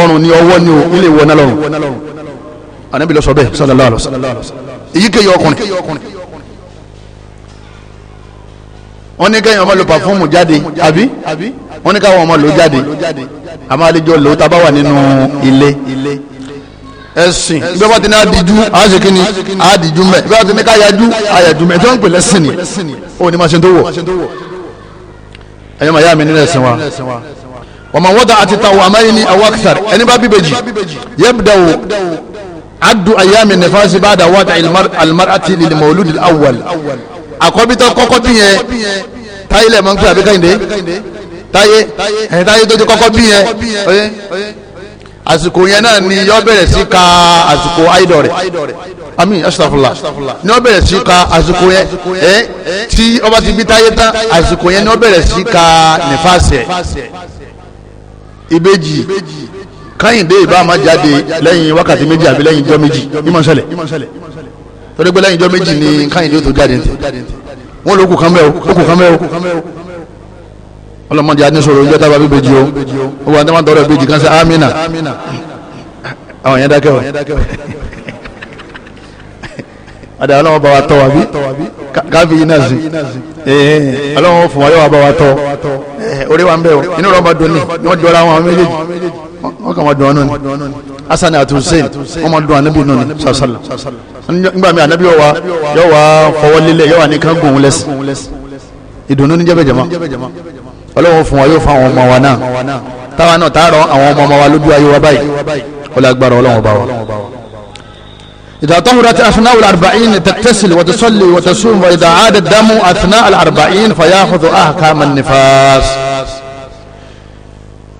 Speaker 1: ọrùn ni ọwọ́ ni o ilé ìwọ náà lọ́rùn ànábì ló sọ bẹ́ẹ̀ sallallahu alaihi wasallam èyíkéyìí ọkùnrin wọ́n ní kẹ́yìn ọmọ lo pàfọ́ọ̀mù jáde àbí wọ́n ní káwọn ọmọ lò jáde àmọ́ àlejò lò tá a bá wà nínú ilé ẹ̀sìn bí wọ́n ti ní adiju aṣèkínni adiju mẹ́ bí wọ́n ti ní káyájú ayájú mẹ́ tí wọ́n ń pè lẹ́sìn ni ó ní máa tó wọ̀ ẹ̀yọ́ màyá mi nínú ẹ̀sìn wa wọ́n máa àti tàwọn amáyé ní awakisar ẹni bá bíbejì yẹ́bùdáwò adu ayámi nìfàṣí bá dà wọ́dà almar'ati lil mawlud al awwal àkọ́bí tó kọ́kọ́ bí yẹn táyé lẹ̀ máa ń pè àbí kẹ́hìndé táyé ẹ̀yìn táyé tó ti kọ́kọ́ bí yẹn àsìkò yẹn náà ni yọ bẹ̀rẹ̀ sí ka àsìkò àìdọ̀ rẹ̀ ami asafula ni wọ́n bẹ̀rẹ̀ sí ka àsìkò yẹn ẹ tí ọba ti bí táyé tán àsìkò yẹn ni wọ́n bẹ̀rẹ̀ sí ka nífàsẹ̀ ìbejì Kẹ́hìndé ìbá máa jáde lẹ́yìn wákàtí méjì àbí lẹ́yìn jọ́ méjì ìmọ̀ torí pé lẹ́yìn ijọ́ méjì ni káyìn yóò tó jáde ntẹ wọn lò ó kù kan bẹ́ẹ̀ ó kù kan bẹ́ẹ̀ ó ọlọ́mọdé adínsọ̀rọ̀ oúnjẹ tábà bíbejì o ó wà ní wọn tọrọ ìbejì kan sí amina àwọn yẹn dákẹ́ o adé ọlọ́wọ́ bá wa tọ́ wa bí káfí yìí náà sí ọlọ́wọ́ fún wa yóò wá bá wa tọ́ orí wa ń bẹ̀ o inú rọ́ọ̀mà dùn ní wọ́n jọra wọn méjèèjì wọ́n kàn máa dùn ọ́nà ni hasan àti hussein wọ́n máa dùn anabi nù ni sàṣàlà nígbà mi anabi yọ̀wá yọ̀wá fọwọ́ lílẹ̀ yọ̀wá ní kán gùn lẹ́sìn ìdùnnú ní jẹ́bẹ̀ jẹ́mọ́ ọlọ́run fún wa yóò fún àwọn ọmọ wa náà táwa náà tààrọ àwọn ọmọ wa lójú ayé wa báyìí ọlọ́gbàrá ọlọ́run bá wa. إذا طهرت أثناء الأربعين تتسل وتصلي وتصوم وإذا عاد الدم أثناء الأربعين فيأخذ أحكام النفاس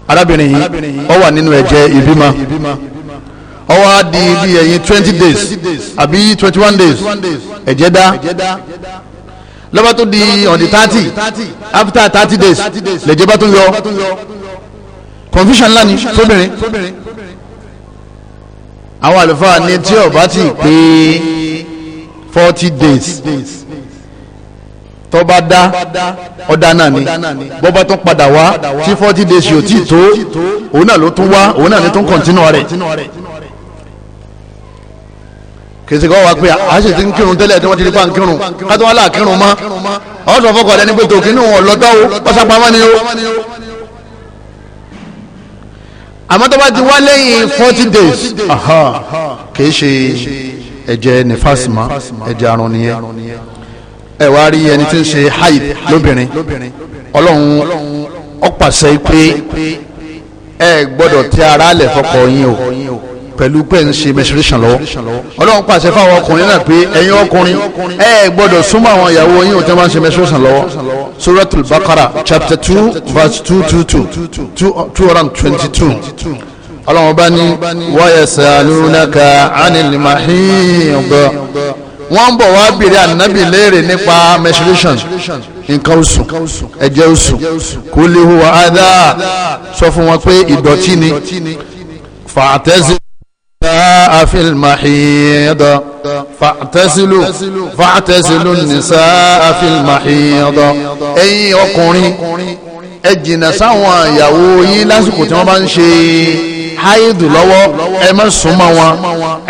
Speaker 1: arábìnrin yìí ó wà nínú ẹ̀jẹ̀ ìbímọ ó wá di bí ẹ̀yìn twenty days àbí twenty one days ẹ̀jẹ̀ dá lọ́ba tó di on the thirty after thirty days lẹ́jẹ̀ bá tún yọ confusion ńlá ni sóbìnrin àwọn àlùfáà ní tí ó ti pé forty days. 40 days tó bá dá ọ̀dà náà ni bó bá tún padà wá tí forty days yóò tí tó òun náà ló tún wá òun náà ni tún kọ̀ntínú rẹ̀ kìsì kọ́ wa pé a sì ti ń kírun tẹ́lẹ̀ tí wọ́n ti di pa ń kírun kátó wà láà kírun mọ́ àwọn sọ fọkọ̀ lẹ́ni pé tòkí ní òun ọ̀lọ́tọ́ o ọ̀sàpamọ́ ni o àmọ́ tó bá ti wá lẹ́yìn forty days kì í ṣe ẹ̀jẹ̀ nífàsímọ́ ẹ̀jẹ̀ àrùn nìyẹn
Speaker 2: ẹ wá rí ẹni tí ń ṣe haid lóbìnrin
Speaker 1: ọlọ́run ọ̀pàṣẹ pé ẹ gbọ́dọ̀ tí ara lẹ̀ fọkọ yín o pẹ̀lú pé ń ṣe menstruation lọ́wọ́ ọlọ́run pàṣẹ fáwọn ọkùnrin náà pé ẹ̀yin ọkùnrin ẹ gbọ́dọ̀ súnmọ́ àwọn ìyàwó yín ò tí wọ́n ń ṣe menstruation lọ́wọ́ suratul bakara chapter two verse two two two two hundred twenty two ọlọ́run bá ní wa yasalunaka anil mahid wọ́n ń bọ̀ wá bèrè ànábì léèrè nípa menstruation nǹkan oṣù ẹ̀jẹ̀ oṣù kò lè hùwà ádá sọ fún wọn pé ìdọ̀tí ni fàtẹ́sí àfihàn màhìndọ̀ fàtẹ́sílù fàtẹ́sílù nìṣá àfihàn màhìndọ̀ ẹ̀yin ọkùnrin ẹ sáwọn ìyàwó yín lásìkò tí wọ́n bá ń ṣe é haidu lọ́wọ́ ẹ má súnmọ́ wọn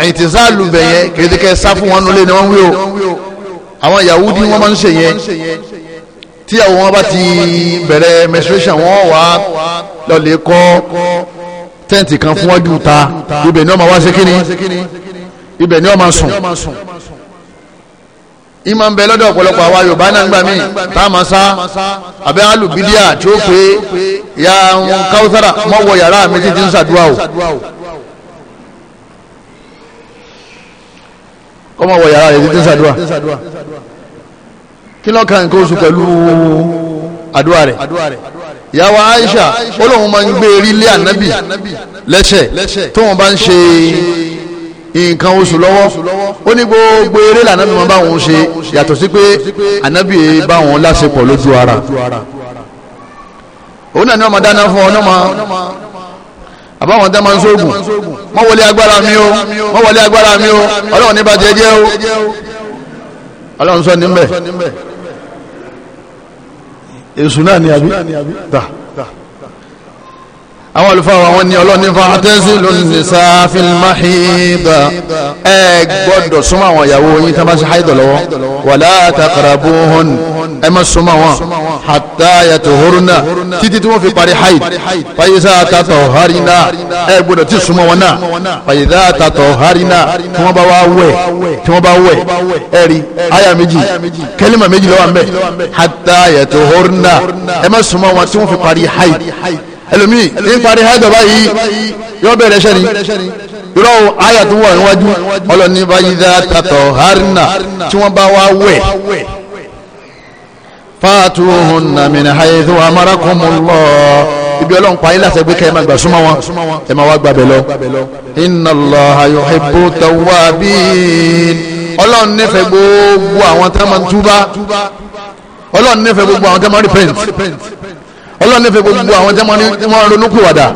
Speaker 1: ẹ̀yìn tí sáà lù bẹ̀ yẹn kìrìtìkẹ́ sá fún wọn nulẹ̀ ni wọ́n wí o àwọn yahudi wọ́n máa ń ṣe yẹn tíyàwó wọn bá ti bẹ̀rẹ̀ menstruation wọn wà lọ́lẹ̀ kọ́ tẹ́ǹtì kan fún ọdún ta ibẹ̀ ni wọ́n máa wá ṣe kíni ibẹ̀ ni wọ́n máa sùn ìmọ̀ ń bẹ lọ́dọ̀ ọ̀pọ̀lọpọ̀ àwa yorùbá náà ń gbà mí tá a tí ó pé ya ń káwùsára mọ́ wọ yàrá mi títí ń ṣàdúrà o kọ́ mọ́ wọ yàrá rẹ̀ títí ń ṣàdúrà kí kan nǹkan oṣù pẹ̀lú àdúrà rẹ̀ ìyàwó Aisha ó lóun máa ń gbé erí lé ànábì lẹ́sẹ̀ tóun bá ń ṣe nǹkan oṣù lọ́wọ́ ó ní gbogbo eré lànàbí wọn báwọn ṣe yàtọ̀ sí pé ànábì e báwọn láṣepọ̀ lójú ara òun náà ni wọn máa dáná fún ọ náà máa àbáwọn tẹ́ máa ń sóògùn wọ́n wọlé agbára mi o wọ́n wọlé agbára mi o ọlọ́run ní bàjẹ́ jẹ́ o ọlọ́run sọ níbẹ̀ èṣù náà ni àbí ta àwọn olùfọwọ́ àwọn ní ọlọ́ni fàtẹ́sí lónìí sáfin máhìdá ẹ gbọ́dọ̀ súnmọ́ àwọn ìyàwó yín tá bá ṣe háìdọ̀ lọ́wọ́ wàlá takarabu hon ẹ má súnmọ́ wọn hatta yatuhurna títí tí wọ́n fi parí háìd fàyíṣà tatọ̀ harina ẹ gbọ́dọ̀ tí súnmọ́ wọn náà fàyíṣà tatọ̀ harina tí wọ́n bá wá wẹ̀ tí wọ́n bá wẹ̀ ẹ rí àyà méjì kẹ́límà méjì ló ẹlòmíì ní parí hajj báyìí yóò bẹ̀rẹ̀ ṣẹ́ ni irọ́ àyà tó wà níwájú ọlọ́ni báyìí dá tatọ̀ harina tí wọ́n bá wá wẹ̀ fàtú hunna min haythu amarakumullah ibi ọlọ́run pa ayélujára ṣe pé kẹ́ ẹ máa gbà súnmọ́ wọn ẹ máa wá gbàbẹ̀ lọ inna Allaha yuhibbu tawwabin ọlọ́run nífẹ̀ẹ́ gbogbo àwọn tá a máa túbá ọlọ́run nífẹ̀ẹ́ gbogbo àwọn tá a máa repent ọlọ́run nífẹ̀ẹ́ gbogbo àwọn tí wọ́n ronúkúwàdà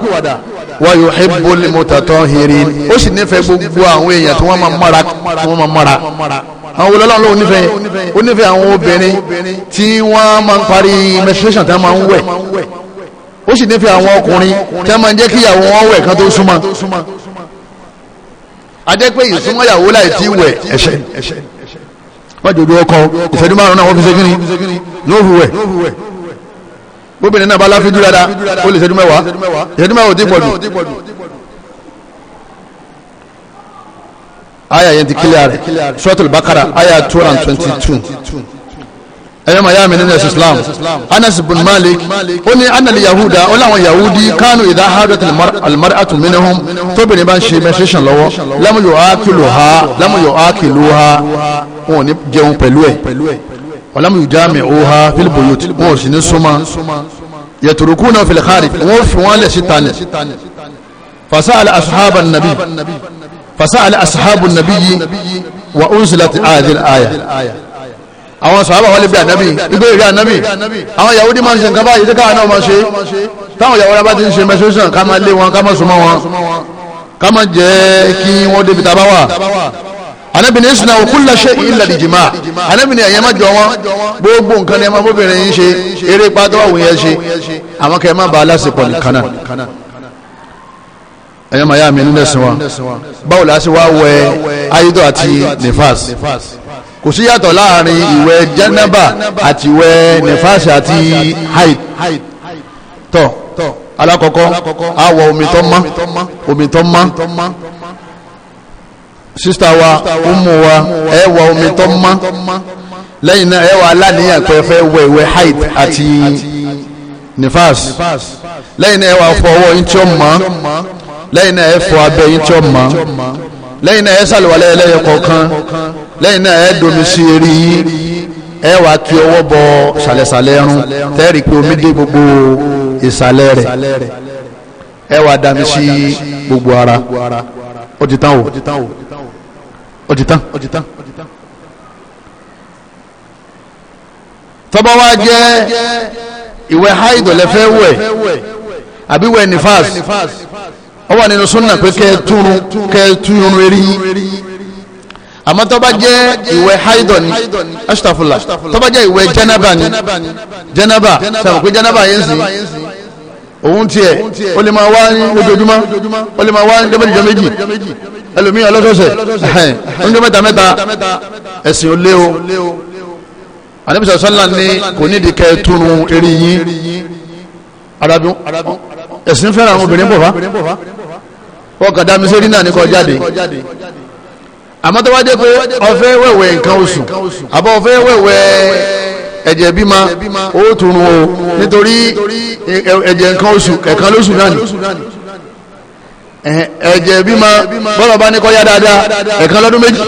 Speaker 1: wa yuhibbul mutatahirin ó sì nífẹ̀ẹ́ gbogbo àwọn èèyàn tí wọ́n máa mara tí wọ́n máa mara
Speaker 2: àwọn wọlé ọlọ́run lóun nífẹ̀ẹ́ ó nífẹ̀ẹ́ àwọn obìnrin
Speaker 1: tí wọ́n máa ń parí menstruation tí wọ́n máa ń wẹ̀ ó sì nífẹ̀ẹ́ àwọn ọkùnrin tí wọ́n máa ń jẹ́ kí ìyàwó wọn wẹ̀ kán tó súnmọ́ adé pé ìsúnmọ́yàwó láì tí wẹ̀ ẹ̀ṣẹ̀ wọ́n jòdó ọkọ ìṣẹ́jú márùn-ún náà wọ́n fi ṣe kíni ló hùwẹ̀ bóbìnrin náà bá láfíjú dáadáa ó lè ṣẹ́jú mẹ́wàá ṣẹ́jú mẹ́wàá ò tí pọ̀ aya yẹn ti kílíà rẹ̀ suratul bakara aya two and twenty two ẹ̀yọ́ ma yá mi nínú ẹ̀sìn islam anas bin malik ó ní anali yahuda ó láwọn yahudi kánú ìdá hadat almar'atu minhum tóbìnrin bá ń ṣe menstruation lọ́wọ́ lamu yu'akiluha lamu yu'akiluha wọn ò ní jẹun pẹ̀lú ẹ̀ wàlámù ìjáàmì òhà fílbòyò tí wọ́n sì ní súnmọ́ yẹtùrùkú náà fìlẹ̀ kárì wọ́n fi wọ́n lẹ̀ síta lẹ̀ fasa alẹ́ asahaba nabi fasa alẹ́ asahaba nabi yi wa unsila ti aadil aya
Speaker 2: àwọn sàhábà wọlé bí ànábì igbó ìrí ànábì àwọn Yahudi máa ń ṣe nǹkan báyìí tí náà máa ṣe
Speaker 1: táwọn Yahudi bá ń ṣe mẹsọ́sàn ká máa lé wọn ká máa súnmọ́ wọn ká máa jẹ́ kí wọ́n débi tá anabini isna wa kulla shay illa di jima anabini ẹ̀yẹ́ má jọ wọn gbogbo nǹkan ni ẹ máa bóbìnrin yín ṣe eré pátá wà wòye ṣe àmọ́ kẹ́ ba aláṣepọ̀ nìkan náà ẹ̀yọ́ màá yá mi nílẹ̀ sí wọn báwo la ṣe wá wẹ ayídọ̀ àti nifas kò sí yàtọ̀ láàrin ìwẹ̀ ati àti ìwẹ̀ nifas àti haid tọ́ alákọ̀ọ́kọ́ àwọ̀ omi tó mọ́ omi sista wa umu wa ẹ wà omi tó mọ́ lẹ́yìn náà ẹ wà aláníyàn pé fẹ́ wẹ ìwẹ̀ haid àti nifas lẹ́yìn náà ẹ wà fọ ọwọ́ yín tí ó mọ́ lẹ́yìn náà ẹ fọ abẹ́ yín tí ó mọ́ lẹ́yìn náà ẹ ṣàlùwalẹ̀ ẹlẹ́yẹ kọ̀ọ̀kan náà ẹ domi sí eré yín ẹ wà kí ọwọ́ bọ omi dé gbogbo ìsàlẹ̀ rẹ̀ ẹ wà gbogbo ara ó ti tán wò ó ti tán ó ti tán tọ́bọ̀ wá jẹ́ ìwẹ̀ haidọ̀lẹ́fẹ́ wẹ̀ àbí wẹ̀ nifas ó wà nínú súnà pé kẹ́ẹ̀túrun kẹ́ẹ̀túrun rí àmọ́ tọ́bá jẹ́ ìwẹ̀ haidọ̀ ni astafula tọ́bá jẹ́ ìwẹ̀ jẹ́nàbà ni jẹ́nàbà sẹ́wọ̀n pé jẹ́nàbà yẹn sìn òun tiẹ̀ ó lè máa wá ní lójoojúmọ́ ó lè máa wá ní dẹ́bẹ̀dìjọ méjì ẹlòmíràn lọ́sọ̀ọ̀sẹ̀ ọ̀njọ́ mẹ́ta mẹ́ta ẹ̀sìn ò lé o àníbísọ̀ sọ́lá ni kò nídìí kẹ́ túnú eré yín arábíún ẹ̀sìn fẹ́ràn àwọn obìnrin bọ̀fá wọ́n mi sórí náà ní kọ́ jáde àmọ́ pé ó wẹ̀wẹ̀ nǹkan oṣù àbọ̀ ó wẹ̀wẹ̀ ẹ̀jẹ̀ bímọ ó tún o nítorí ẹ̀jẹ̀ nǹkan oṣù ẹ̀kan lóṣù náà ni ẹ̀jẹ̀ bímọ bọ́lá bá ní kọ́ yá dáadáa ẹ̀kan lọ́dún méjì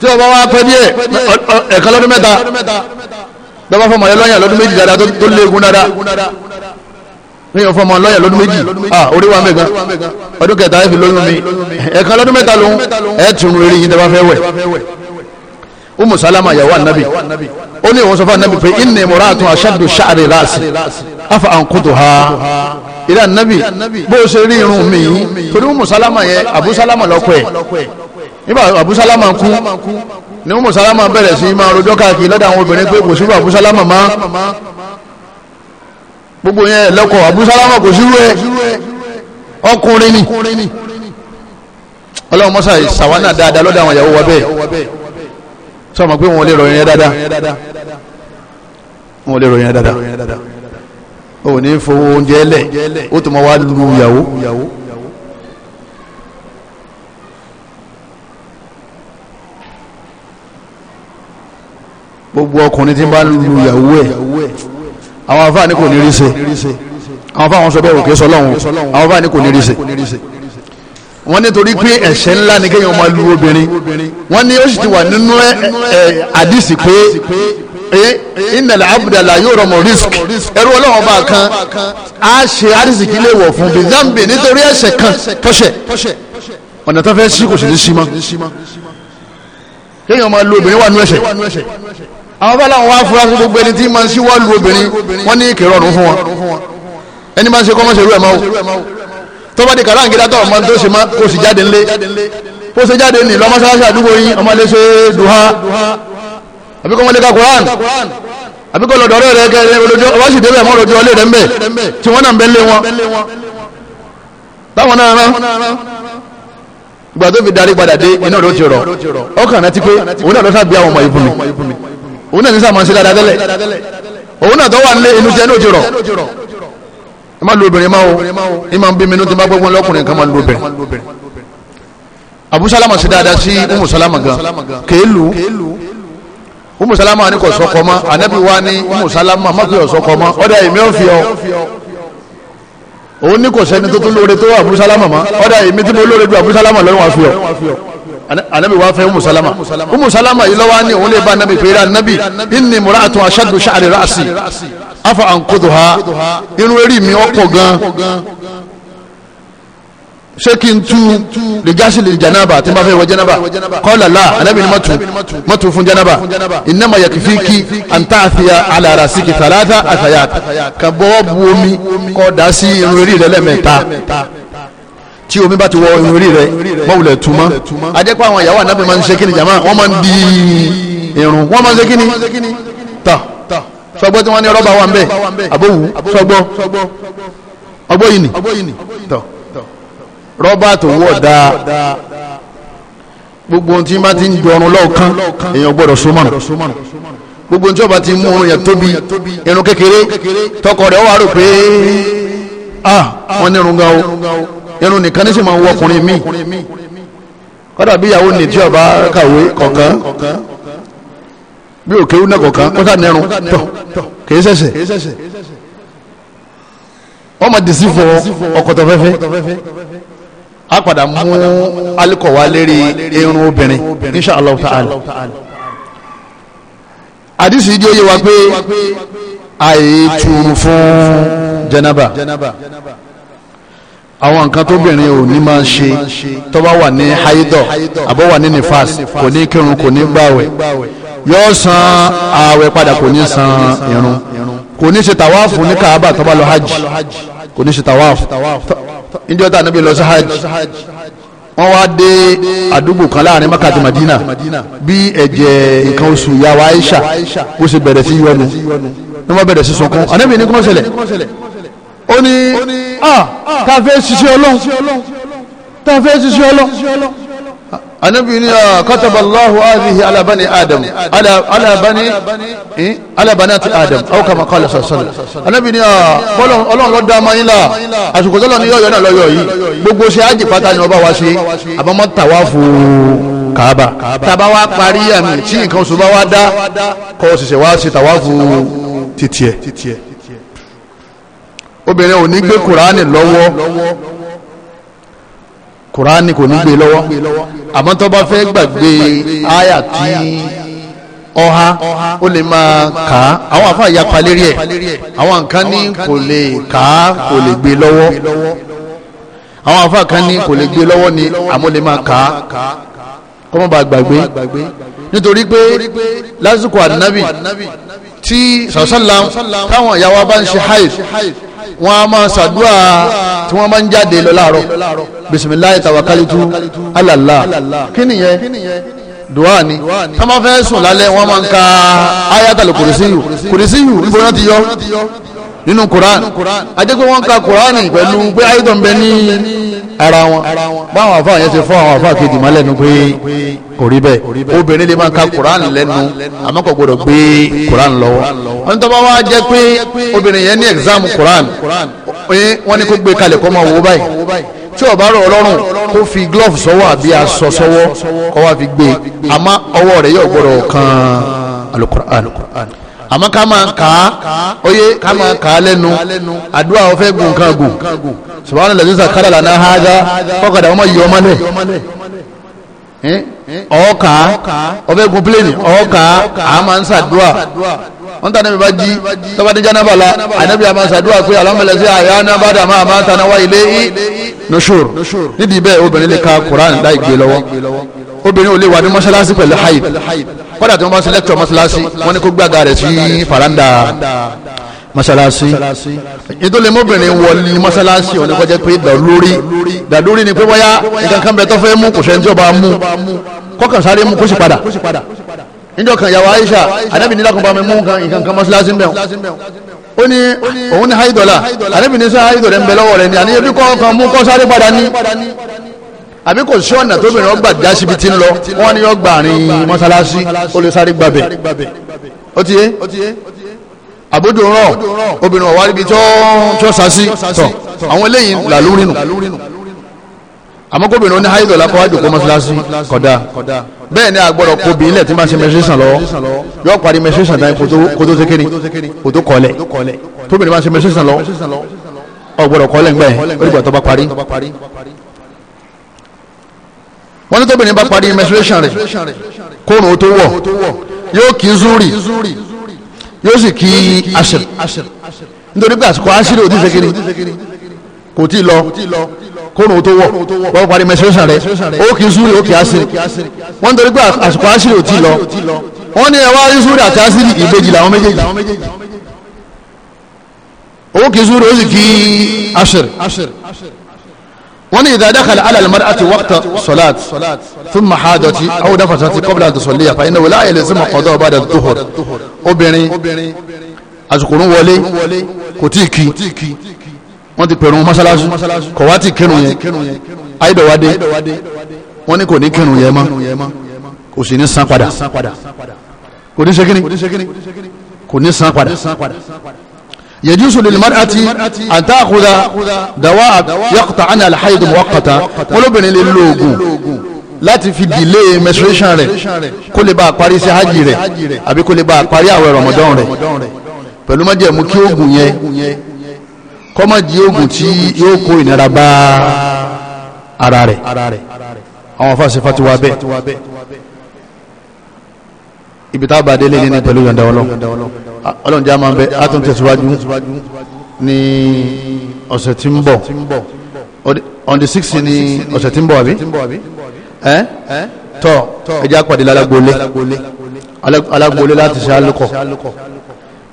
Speaker 1: tí ọba wa pẹ́ díẹ̀ ẹ̀kan lọ́dún mẹ́ta dọ́bà fọmọ yẹn lọ́yàn lọ́dún méjì dáadáa tó léegun dáadáa níyàn fọmọ lọ́yàn lọ́dún méjì ah orí wa mẹ́gan ọdún kẹta ẹ fi lóyún mi ẹ̀kan lọ́dún mẹ́ta lòun ẹ̀ tún rere yìí dọ́bà fẹ́ wẹ̀ umu salama yàwó anabi ó ní ìwọ̀n sọ fún anabi pé inni muratun ashaddu sha'ri rasi afa anquduha ilé anabi bó o ṣe rí irun mi yìí torí umu salama yẹ abu salama lọ́kọ̀ ẹ̀ nígbà abu salama kú ni umu salama bẹ̀rẹ̀ sí máa rojọ́ káàkiri lọ́dọ̀ àwọn obìnrin pé kò síbú abu salama má gbogbo yẹn lọ́kọ̀ abu salama kò síbú ẹ ọkùnrin ni ọlọ́run mọ́sá ìsàwánà dáadáa lọ́dọ̀ àwọn ìyàwó wa bẹ́ẹ̀ sọ ma pé wọn lè ròyìn yẹn dáadáa wọn lè ròyìn yẹn dáadáa o ní fowó oúnjẹ lẹ o tó ma wá lu ìyàwó gbogbo ọkùnrin tí ń bá lu ìyàwó ẹ àwọn afáàní kò ní rí ṣe àwọn afáàní sọ bẹ́ẹ̀ òkè sọlọ́hún àwọn afáàní kò ní rí ṣe wọ́n nítorí pé ẹ̀ṣẹ̀ ńlá ni kéèyàn máa lu obìnrin wọ́n ní ó sì ti wà nínú ẹ̀ àdìsí pé ìnàlẹ̀ abudulayi yóò rọmọ risk ẹrú ọlọ́wọ́n bá kan á ṣe àdìsíkí lè wọ̀ fún bí zambi nítorí ẹ̀ṣẹ̀ kan tọ́ṣẹ̀ ọ̀nà tó fẹ́ sí kò sì ní sí mọ́ kéèyàn máa lu obìnrin wà nú ẹ̀ṣẹ̀ àwọn bá làwọn wá fura gbogbo ẹni tí máa ń ṣíwọ́ lu obìnrin wọ́n ní kẹrọ̀rùn fún wọn ẹni máa ń ṣe kọ́mọ́ṣẹ́rú ẹ̀ máa wò tọ́ba di kàrá àǹgídá tó ọmọ tó ṣe má kó sì jáde ńlé kó ṣe jáde ní lọ́mọsáláṣí àdúgbò yín ọmọ lè ṣe duha àbí kọ́ mọ́lẹ́ka Quran àbí kọ́ lọ́dọ̀ ọ̀rẹ́ rẹ kẹrẹ olójó ọba sì débẹ̀ mọ́ olójó ọlẹ́ rẹ ńbẹ tí wọ́n náà ń bẹ́ lé wọn táwọn náà rán ìgbà tó fi darí padà dé iná ló ti rọ
Speaker 2: ọkàn náà ti pé òun náà ló sábẹ́ àwọn ọmọ ìbùnmi òun náà ní sáà máa ń ṣe dáadáa tẹ́lẹ̀
Speaker 1: òun náà tó wà nílé inú tiẹ̀ ní òjò rọ ẹ má lo obìnrin máa o ẹ má bí minú tí bá gbọ́gbọ́n lọ́kùnrin kan máa lo obìnrin Abu Salama sí dáadáa sí Umu Salama gan kéèlú Umu Salama ní kò sọkọ mọ́ anabi wa ní Umu Salama má fi ọ̀sọkọ mọ́ ọ̀dà èmi ò fi ọ òun ní kò sẹ́ni tó tún lóore tó Abu Salama mọ́ èmi tí mo lóore ju Abu Salama lọ́wọ́ fi ọ anabi wa fẹ́ umu salama umu salama yìí ni òun lè ba anabi pé ra anabi inni mura'atun ashaddu sha'ri ra'si afa ankodo ha irun eri mi ọ̀pọ̀ gan ṣé kí n tú lè gásì lè jànába tí n bá fẹ́ wọ jànába kọ́lá la anábì ni mọ́tò mọ́tò fún jànába inama yàtì fi kí àǹtá àfihàn alára síkì tàlátà àtàyà ka bọ́ bu omi kọ́ da sí irun eri rẹ lẹ́mẹ̀ta tí omi bá ti wọ irun eri rẹ mọ́wulẹ̀ túmọ́ ajẹ́pọ̀ àwọn ìyàwó anábì máa ń ṣe kíni jàmá wọ́n máa ń di irun wọ́n máa ń ṣe kíni tán sọgbọ́ tí wọ́n ní rọ́bà wà ń bẹ̀ àbówù sọgbọ́ ọgbọ́ yìí ni tọ̀ rọ́bà tó wọ̀ dáa gbogbo ohun tí ma ti ń jọrun lọ́ọ̀kan èèyàn gbọ́dọ̀ súnmọ́nù gbogbo tí ọba ti mú ohun tóbi irun kékeré tọkọ rẹ̀ wà rò pé ah wọ́n ní irun gan o irun nìkan ní sì máa ń wọ ọkùnrin míì kọ́dà bí ìyàwó ọba kàwé kọ̀ọ̀kan bí òkè wúnà kọ̀ọ̀kan kọ́sà nẹ́rùn tọ̀ kì í sẹ̀sẹ̀ ma dì fọ ọkọ̀tọ̀ fẹ́fẹ́ a padà mú alikọ̀wá lérí irun obìnrin insha allah ta'ala àdìsí wa pé àyè fún jẹnaba àwọn nǹkan ò ní máa ń ṣe tó wà ní haidọ àbọ̀ wà ní nifas kò ní kírun yóò san ààwẹ̀ padà kò ní san irun kò ní ṣe tàwáàfù ní kaaba tó bá lọ hajj kò ní ṣe tàwáàfù níjọ́ tá níbi lọ sí hajj wọ́n wá dé àdúgbò kan láàrin Maka Madina bí ẹ̀jẹ̀ nǹkan oṣù yàwá Aisha bó ṣe bẹ̀rẹ̀ sí yọnu ní wọ́n bẹ̀rẹ̀ sí sunkún ànábì ní kí ṣẹlẹ̀ ó ní káfíńsì ah, sí ọlọ́run káfíńsì sí ọlọ́run anabi ni ah, kataba allahu hadhihi ala bani adam ala ala bani eh, ala banati adam aw kama qala sallallahu anabi ni ah, bọ́lọ̀ ọlọ́run ló dá máa yín la àsìkò tọ́lọ̀ ni yọ̀yọ̀ náà lọ́yọ̀ yìí gbogbo ṣe ájì pátá ni ọba wa ṣe àbámọ́ tàwa fò kaaba tàbá wa parí àmì tí nǹkan oṣù bá wa dá kọ́ ọ̀ṣẹ̀ṣẹ̀ wa ṣe tàwa fò titiẹ̀ obìnrin ò ní gbé kuraani lọ́wọ́ kùránì kò ní gbé lọ́wọ́ àmọ́ tó bá fẹ́ gbàgbé àyà tí ọha ó lè máa kà á àwọn àfa ìyapa lérí ẹ̀ àwọn nǹkan ní kò lè kà á kò lè gbé lọ́wọ́ àwọn àfa kan ní kò lè gbé lọ́wọ́ ni àmọ́ lè máa kà á kọ́mọ́ bá gbàgbé nítorí pé lásìkò ànábì tí sàṣàlám táwọn ìyàwó bá ń ṣe haif wọ́n á máa ṣàdúrà tí wọ́n máa ń jáde lọ láàárọ̀ bisimilayi tawakalitu alala kí nìyẹn dùwà ni tá máa fẹ́ sùn lálẹ́ wọ́n máa ń ka ayatul kùrìsíyù kùrìsíyù níbo ti yọ nínú Quran ajẹ́ pé wọ́n ka Quran pẹ̀lú pé ayédọ̀ bẹ ní ara wọn báwọn àfáà yẹn ti fọ́ àwọn àfáà kejì má lẹ́nu pé kò rí bẹ́ẹ̀ obìnrin lè máa ka Quran lẹ́nu àmọ́ kò gbọdọ̀ gbé Quran lọ́wọ́ wọn tó bá wá pé obìnrin yẹn ní exam Quran wọ́n ní kó gbé kalẹ̀ kó máa wò báyìí tí ó bá rọ̀ Ọlọ́run kó fi glove sọ́wọ́ àbí aṣọ sọ́wọ́ kó wá fi gbé àmọ́ ọwọ́ rẹ̀ yóò gbọdọ̀ kan alukur'an àmọ́ ká máa kà á ó ká máa kà á lẹ́nu àdúrà ọ̀fẹ́ gùn kan gùn subahana lẹsẹ sakara lana haza kọkàdà ọmọ yìí ọmọ lẹ ọkà ọbẹ gun pílẹ̀nì ọkà àmà ń sàdúà wọn tàn níbi bá jí tọ́ba díjà náà bàlá ànábì àmà sàdúà pé alámọ̀lẹ́sẹ̀ àyà náà bá dàmà àmà tanáwá ilé nusur nídìí bẹ́ẹ̀ obìnrin lè ka Quran láì gbé lọ́wọ́
Speaker 2: obìnrin ò lè wà ní mọ́ṣáláṣí pẹ̀lú haid
Speaker 1: kọ́dà tí wọ́n bá ń sẹ́lẹ̀tọ̀ mọ́ṣáláṣí wọ́n ní kó gbàgà rẹ̀ sí faranda masalasi nítorí mọ́bìnrin wọlé masalasi ò ní kọjá pé dàlórí dàlórí ni pé wáyà nǹkan kan bẹ tó fẹ́ mú kò sẹ́ni tí ó bá mú kọ́kàn sáré mú kó sì padà níjọ́ kan ìyàwó Aisha anabi nílá kan bá mi mú nǹkan kan masalasi mbẹ́ ó ní òun ní haidola anabi ní sọ haidola ń bẹ lọ́wọ́ rẹ ni àní ebi kọ́ kan mú kọ́ sáré padà ní àbí kò sí ọ̀nà tóbi ọgbà jásíbi tí ń lọ wọ́n ní ọgbà rìn masalasi ó lè sáré gbàbẹ̀ ó ti yé àbójú rán obìnrin ọ̀wá ríbi tó tó sasí tọ̀ àwọn eléyìí là lórí nù àmọ́ kóbìnrin oní háyìlò lápáwájú kó mọ́síláṣí kódà bẹ́ẹ̀ ni àgbọ̀dọ̀ kóbi ilẹ̀ tí máa ṣe mẹsíṣàn lọ yóò parí mẹsíṣàn dáhìn kó tó sékéré kó tó kọ́lẹ̀ tóbìnrin máa ṣe mẹsíṣàn lọ ọ̀gbọ̀dọ̀ kọ́lẹ̀ ń gbẹ̀ ó dìgbà tó bá parí wọ́n ní tóbìnrin bá parí mẹsíṣàn rẹ̀ kóòrùn ó tó wọ̀ yóò kí zúrì yóò sì kí asir nítorí pé àsìkò asir ò ti ṣe kiri kò tí lọ kóòrùn tó wọ̀ wọ́n parí mẹsẹ̀sán rẹ̀ ó kì í súrì ó kì í asir wọ́n nítorí pé àsìkò asir ò tí lọ wọ́n ní ẹwà ìsúrì àti asir ìbejì làwọn méjèèjì ó kì í súrì ó sì kí asir wọ́n ní idha dakhala ala al-mar'ati waqta salat thumma hadati aw nafatati qabla an tusalliya fa innahu la yalzimu qada'a ba'da adh-dhuhr obìnrin àsìkòrún wọlé kò tí ì kí wọ́n ti pẹ̀rùn mọ́ṣáláṣí kò wá ti kírun yẹn ayédọ̀wádé
Speaker 2: wọ́n ní kò ní kírun yẹn
Speaker 1: mọ́ kò sì ní san padà kò ní ṣe kò ní san padà يجوز للمرأة أن تأخذ دواء يقطع عنها الحيض مؤقتا ولبن للوغو láti fi delay menstruation rẹ̀ kó lè bá a parí sí hajj rẹ̀ àbí kó lè bá a parí àwẹ̀ ramadan rẹ̀ pẹ̀lú má jẹ́ mú kí oògùn yẹn kó má di oògùn tí yóò kó ìnira bá ara rẹ̀ àwọn afáàṣẹ fatiwa bẹ́ẹ̀ ibi tá a bá délé ní pẹ̀lú yọ̀ǹda ọlọ́run ọlọ́run já máa ń bẹ á tún ní ọ̀sẹ̀ tí ń bọ̀ on the six ni ọ̀sẹ̀ tí ń bọ̀ àbí ẹ́ tọ́ ẹjá pàdé lálágbólé alágbólé láti ṣe alukọ̀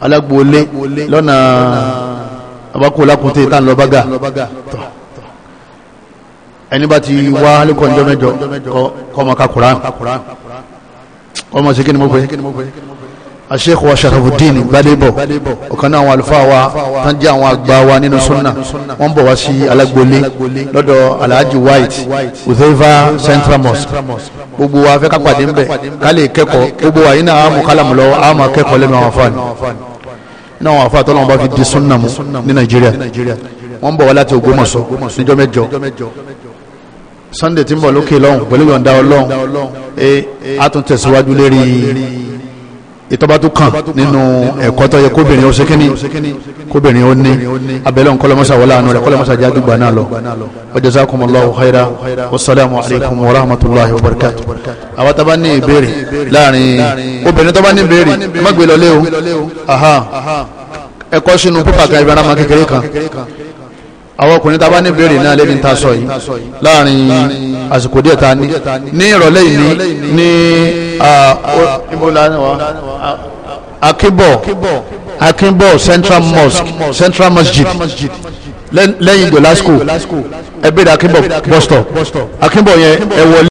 Speaker 1: alágbólé lọ́nà abakó lákúnté tá ń lọ bága tọ́ ẹni bá ti wá alukọ̀ ǹjọ́ mẹ́jọ kọ́ ọmọ kakùrán kọ́ ọmọ sí kí ni mo fẹ́ asheikh wa sharafuddin gbadebo ọ̀kan náà àwọn àlùfáà wa tán jẹ́ àwọn àgbà wa nínú sunna wọ́n bọ̀ wá sí alágbolé lọ́dọ̀ alhaji white uzeva central mosque gbogbo wa fẹ́ ká pàdé ń bẹ̀ ká lè kẹ́kọ̀ọ́ gbogbo wa yìí náà àmú kálámù lọ́wọ́ àmú akẹ́kọ̀ọ́ lẹ́nu àwọn afáàní náà àwọn afáà tọ́lọ́wọ́n fi di sunna mu ní nàìjíríà wọ́n bọ̀ wá láti ògbómọ̀ṣọ́ níjọ́ mẹ́jọ sunday tí ń bọ̀ lókè lọ́hùn pẹ̀lú yọ̀ǹda ọlọ́hùn eh, a tún tẹ̀síwájú lérí ìtọ́ba tó kàn nínú ẹ̀kọ́ tó yẹ kóbìnrin ó sékíní kóbìnrin ó ní abẹ́lẹ́ nkọ́lọ́mọ́sá wọlé àánú rẹ̀ kọ́lọ́mọ́sá jáde gbà náà lọ wa jazakumullahu khaira wasalaamu alaykum wa rahmatulahi wa barakatu. àwa tá a bá ní ìbéèrè láàrin obìnrin tó bá ní ìbéèrè ẹ má gbé lọ lé o ẹ kọ sínú pípa kan ìbára máa kékeré kan àwọn ọkùnrin tàbá ní béèrè náà lẹ́ni ta sọ yìí láàrin àsìkò díẹ̀ ta ní ní ìrọ̀lẹ́ yìí ní akíbọ̀ akíbọ̀ central mosque central masjid lẹ́yìn ìgbò lásìkò ẹ̀bẹ̀rẹ̀ akíbọ̀ bus stop akíbọ̀ yẹn ẹ̀wọ̀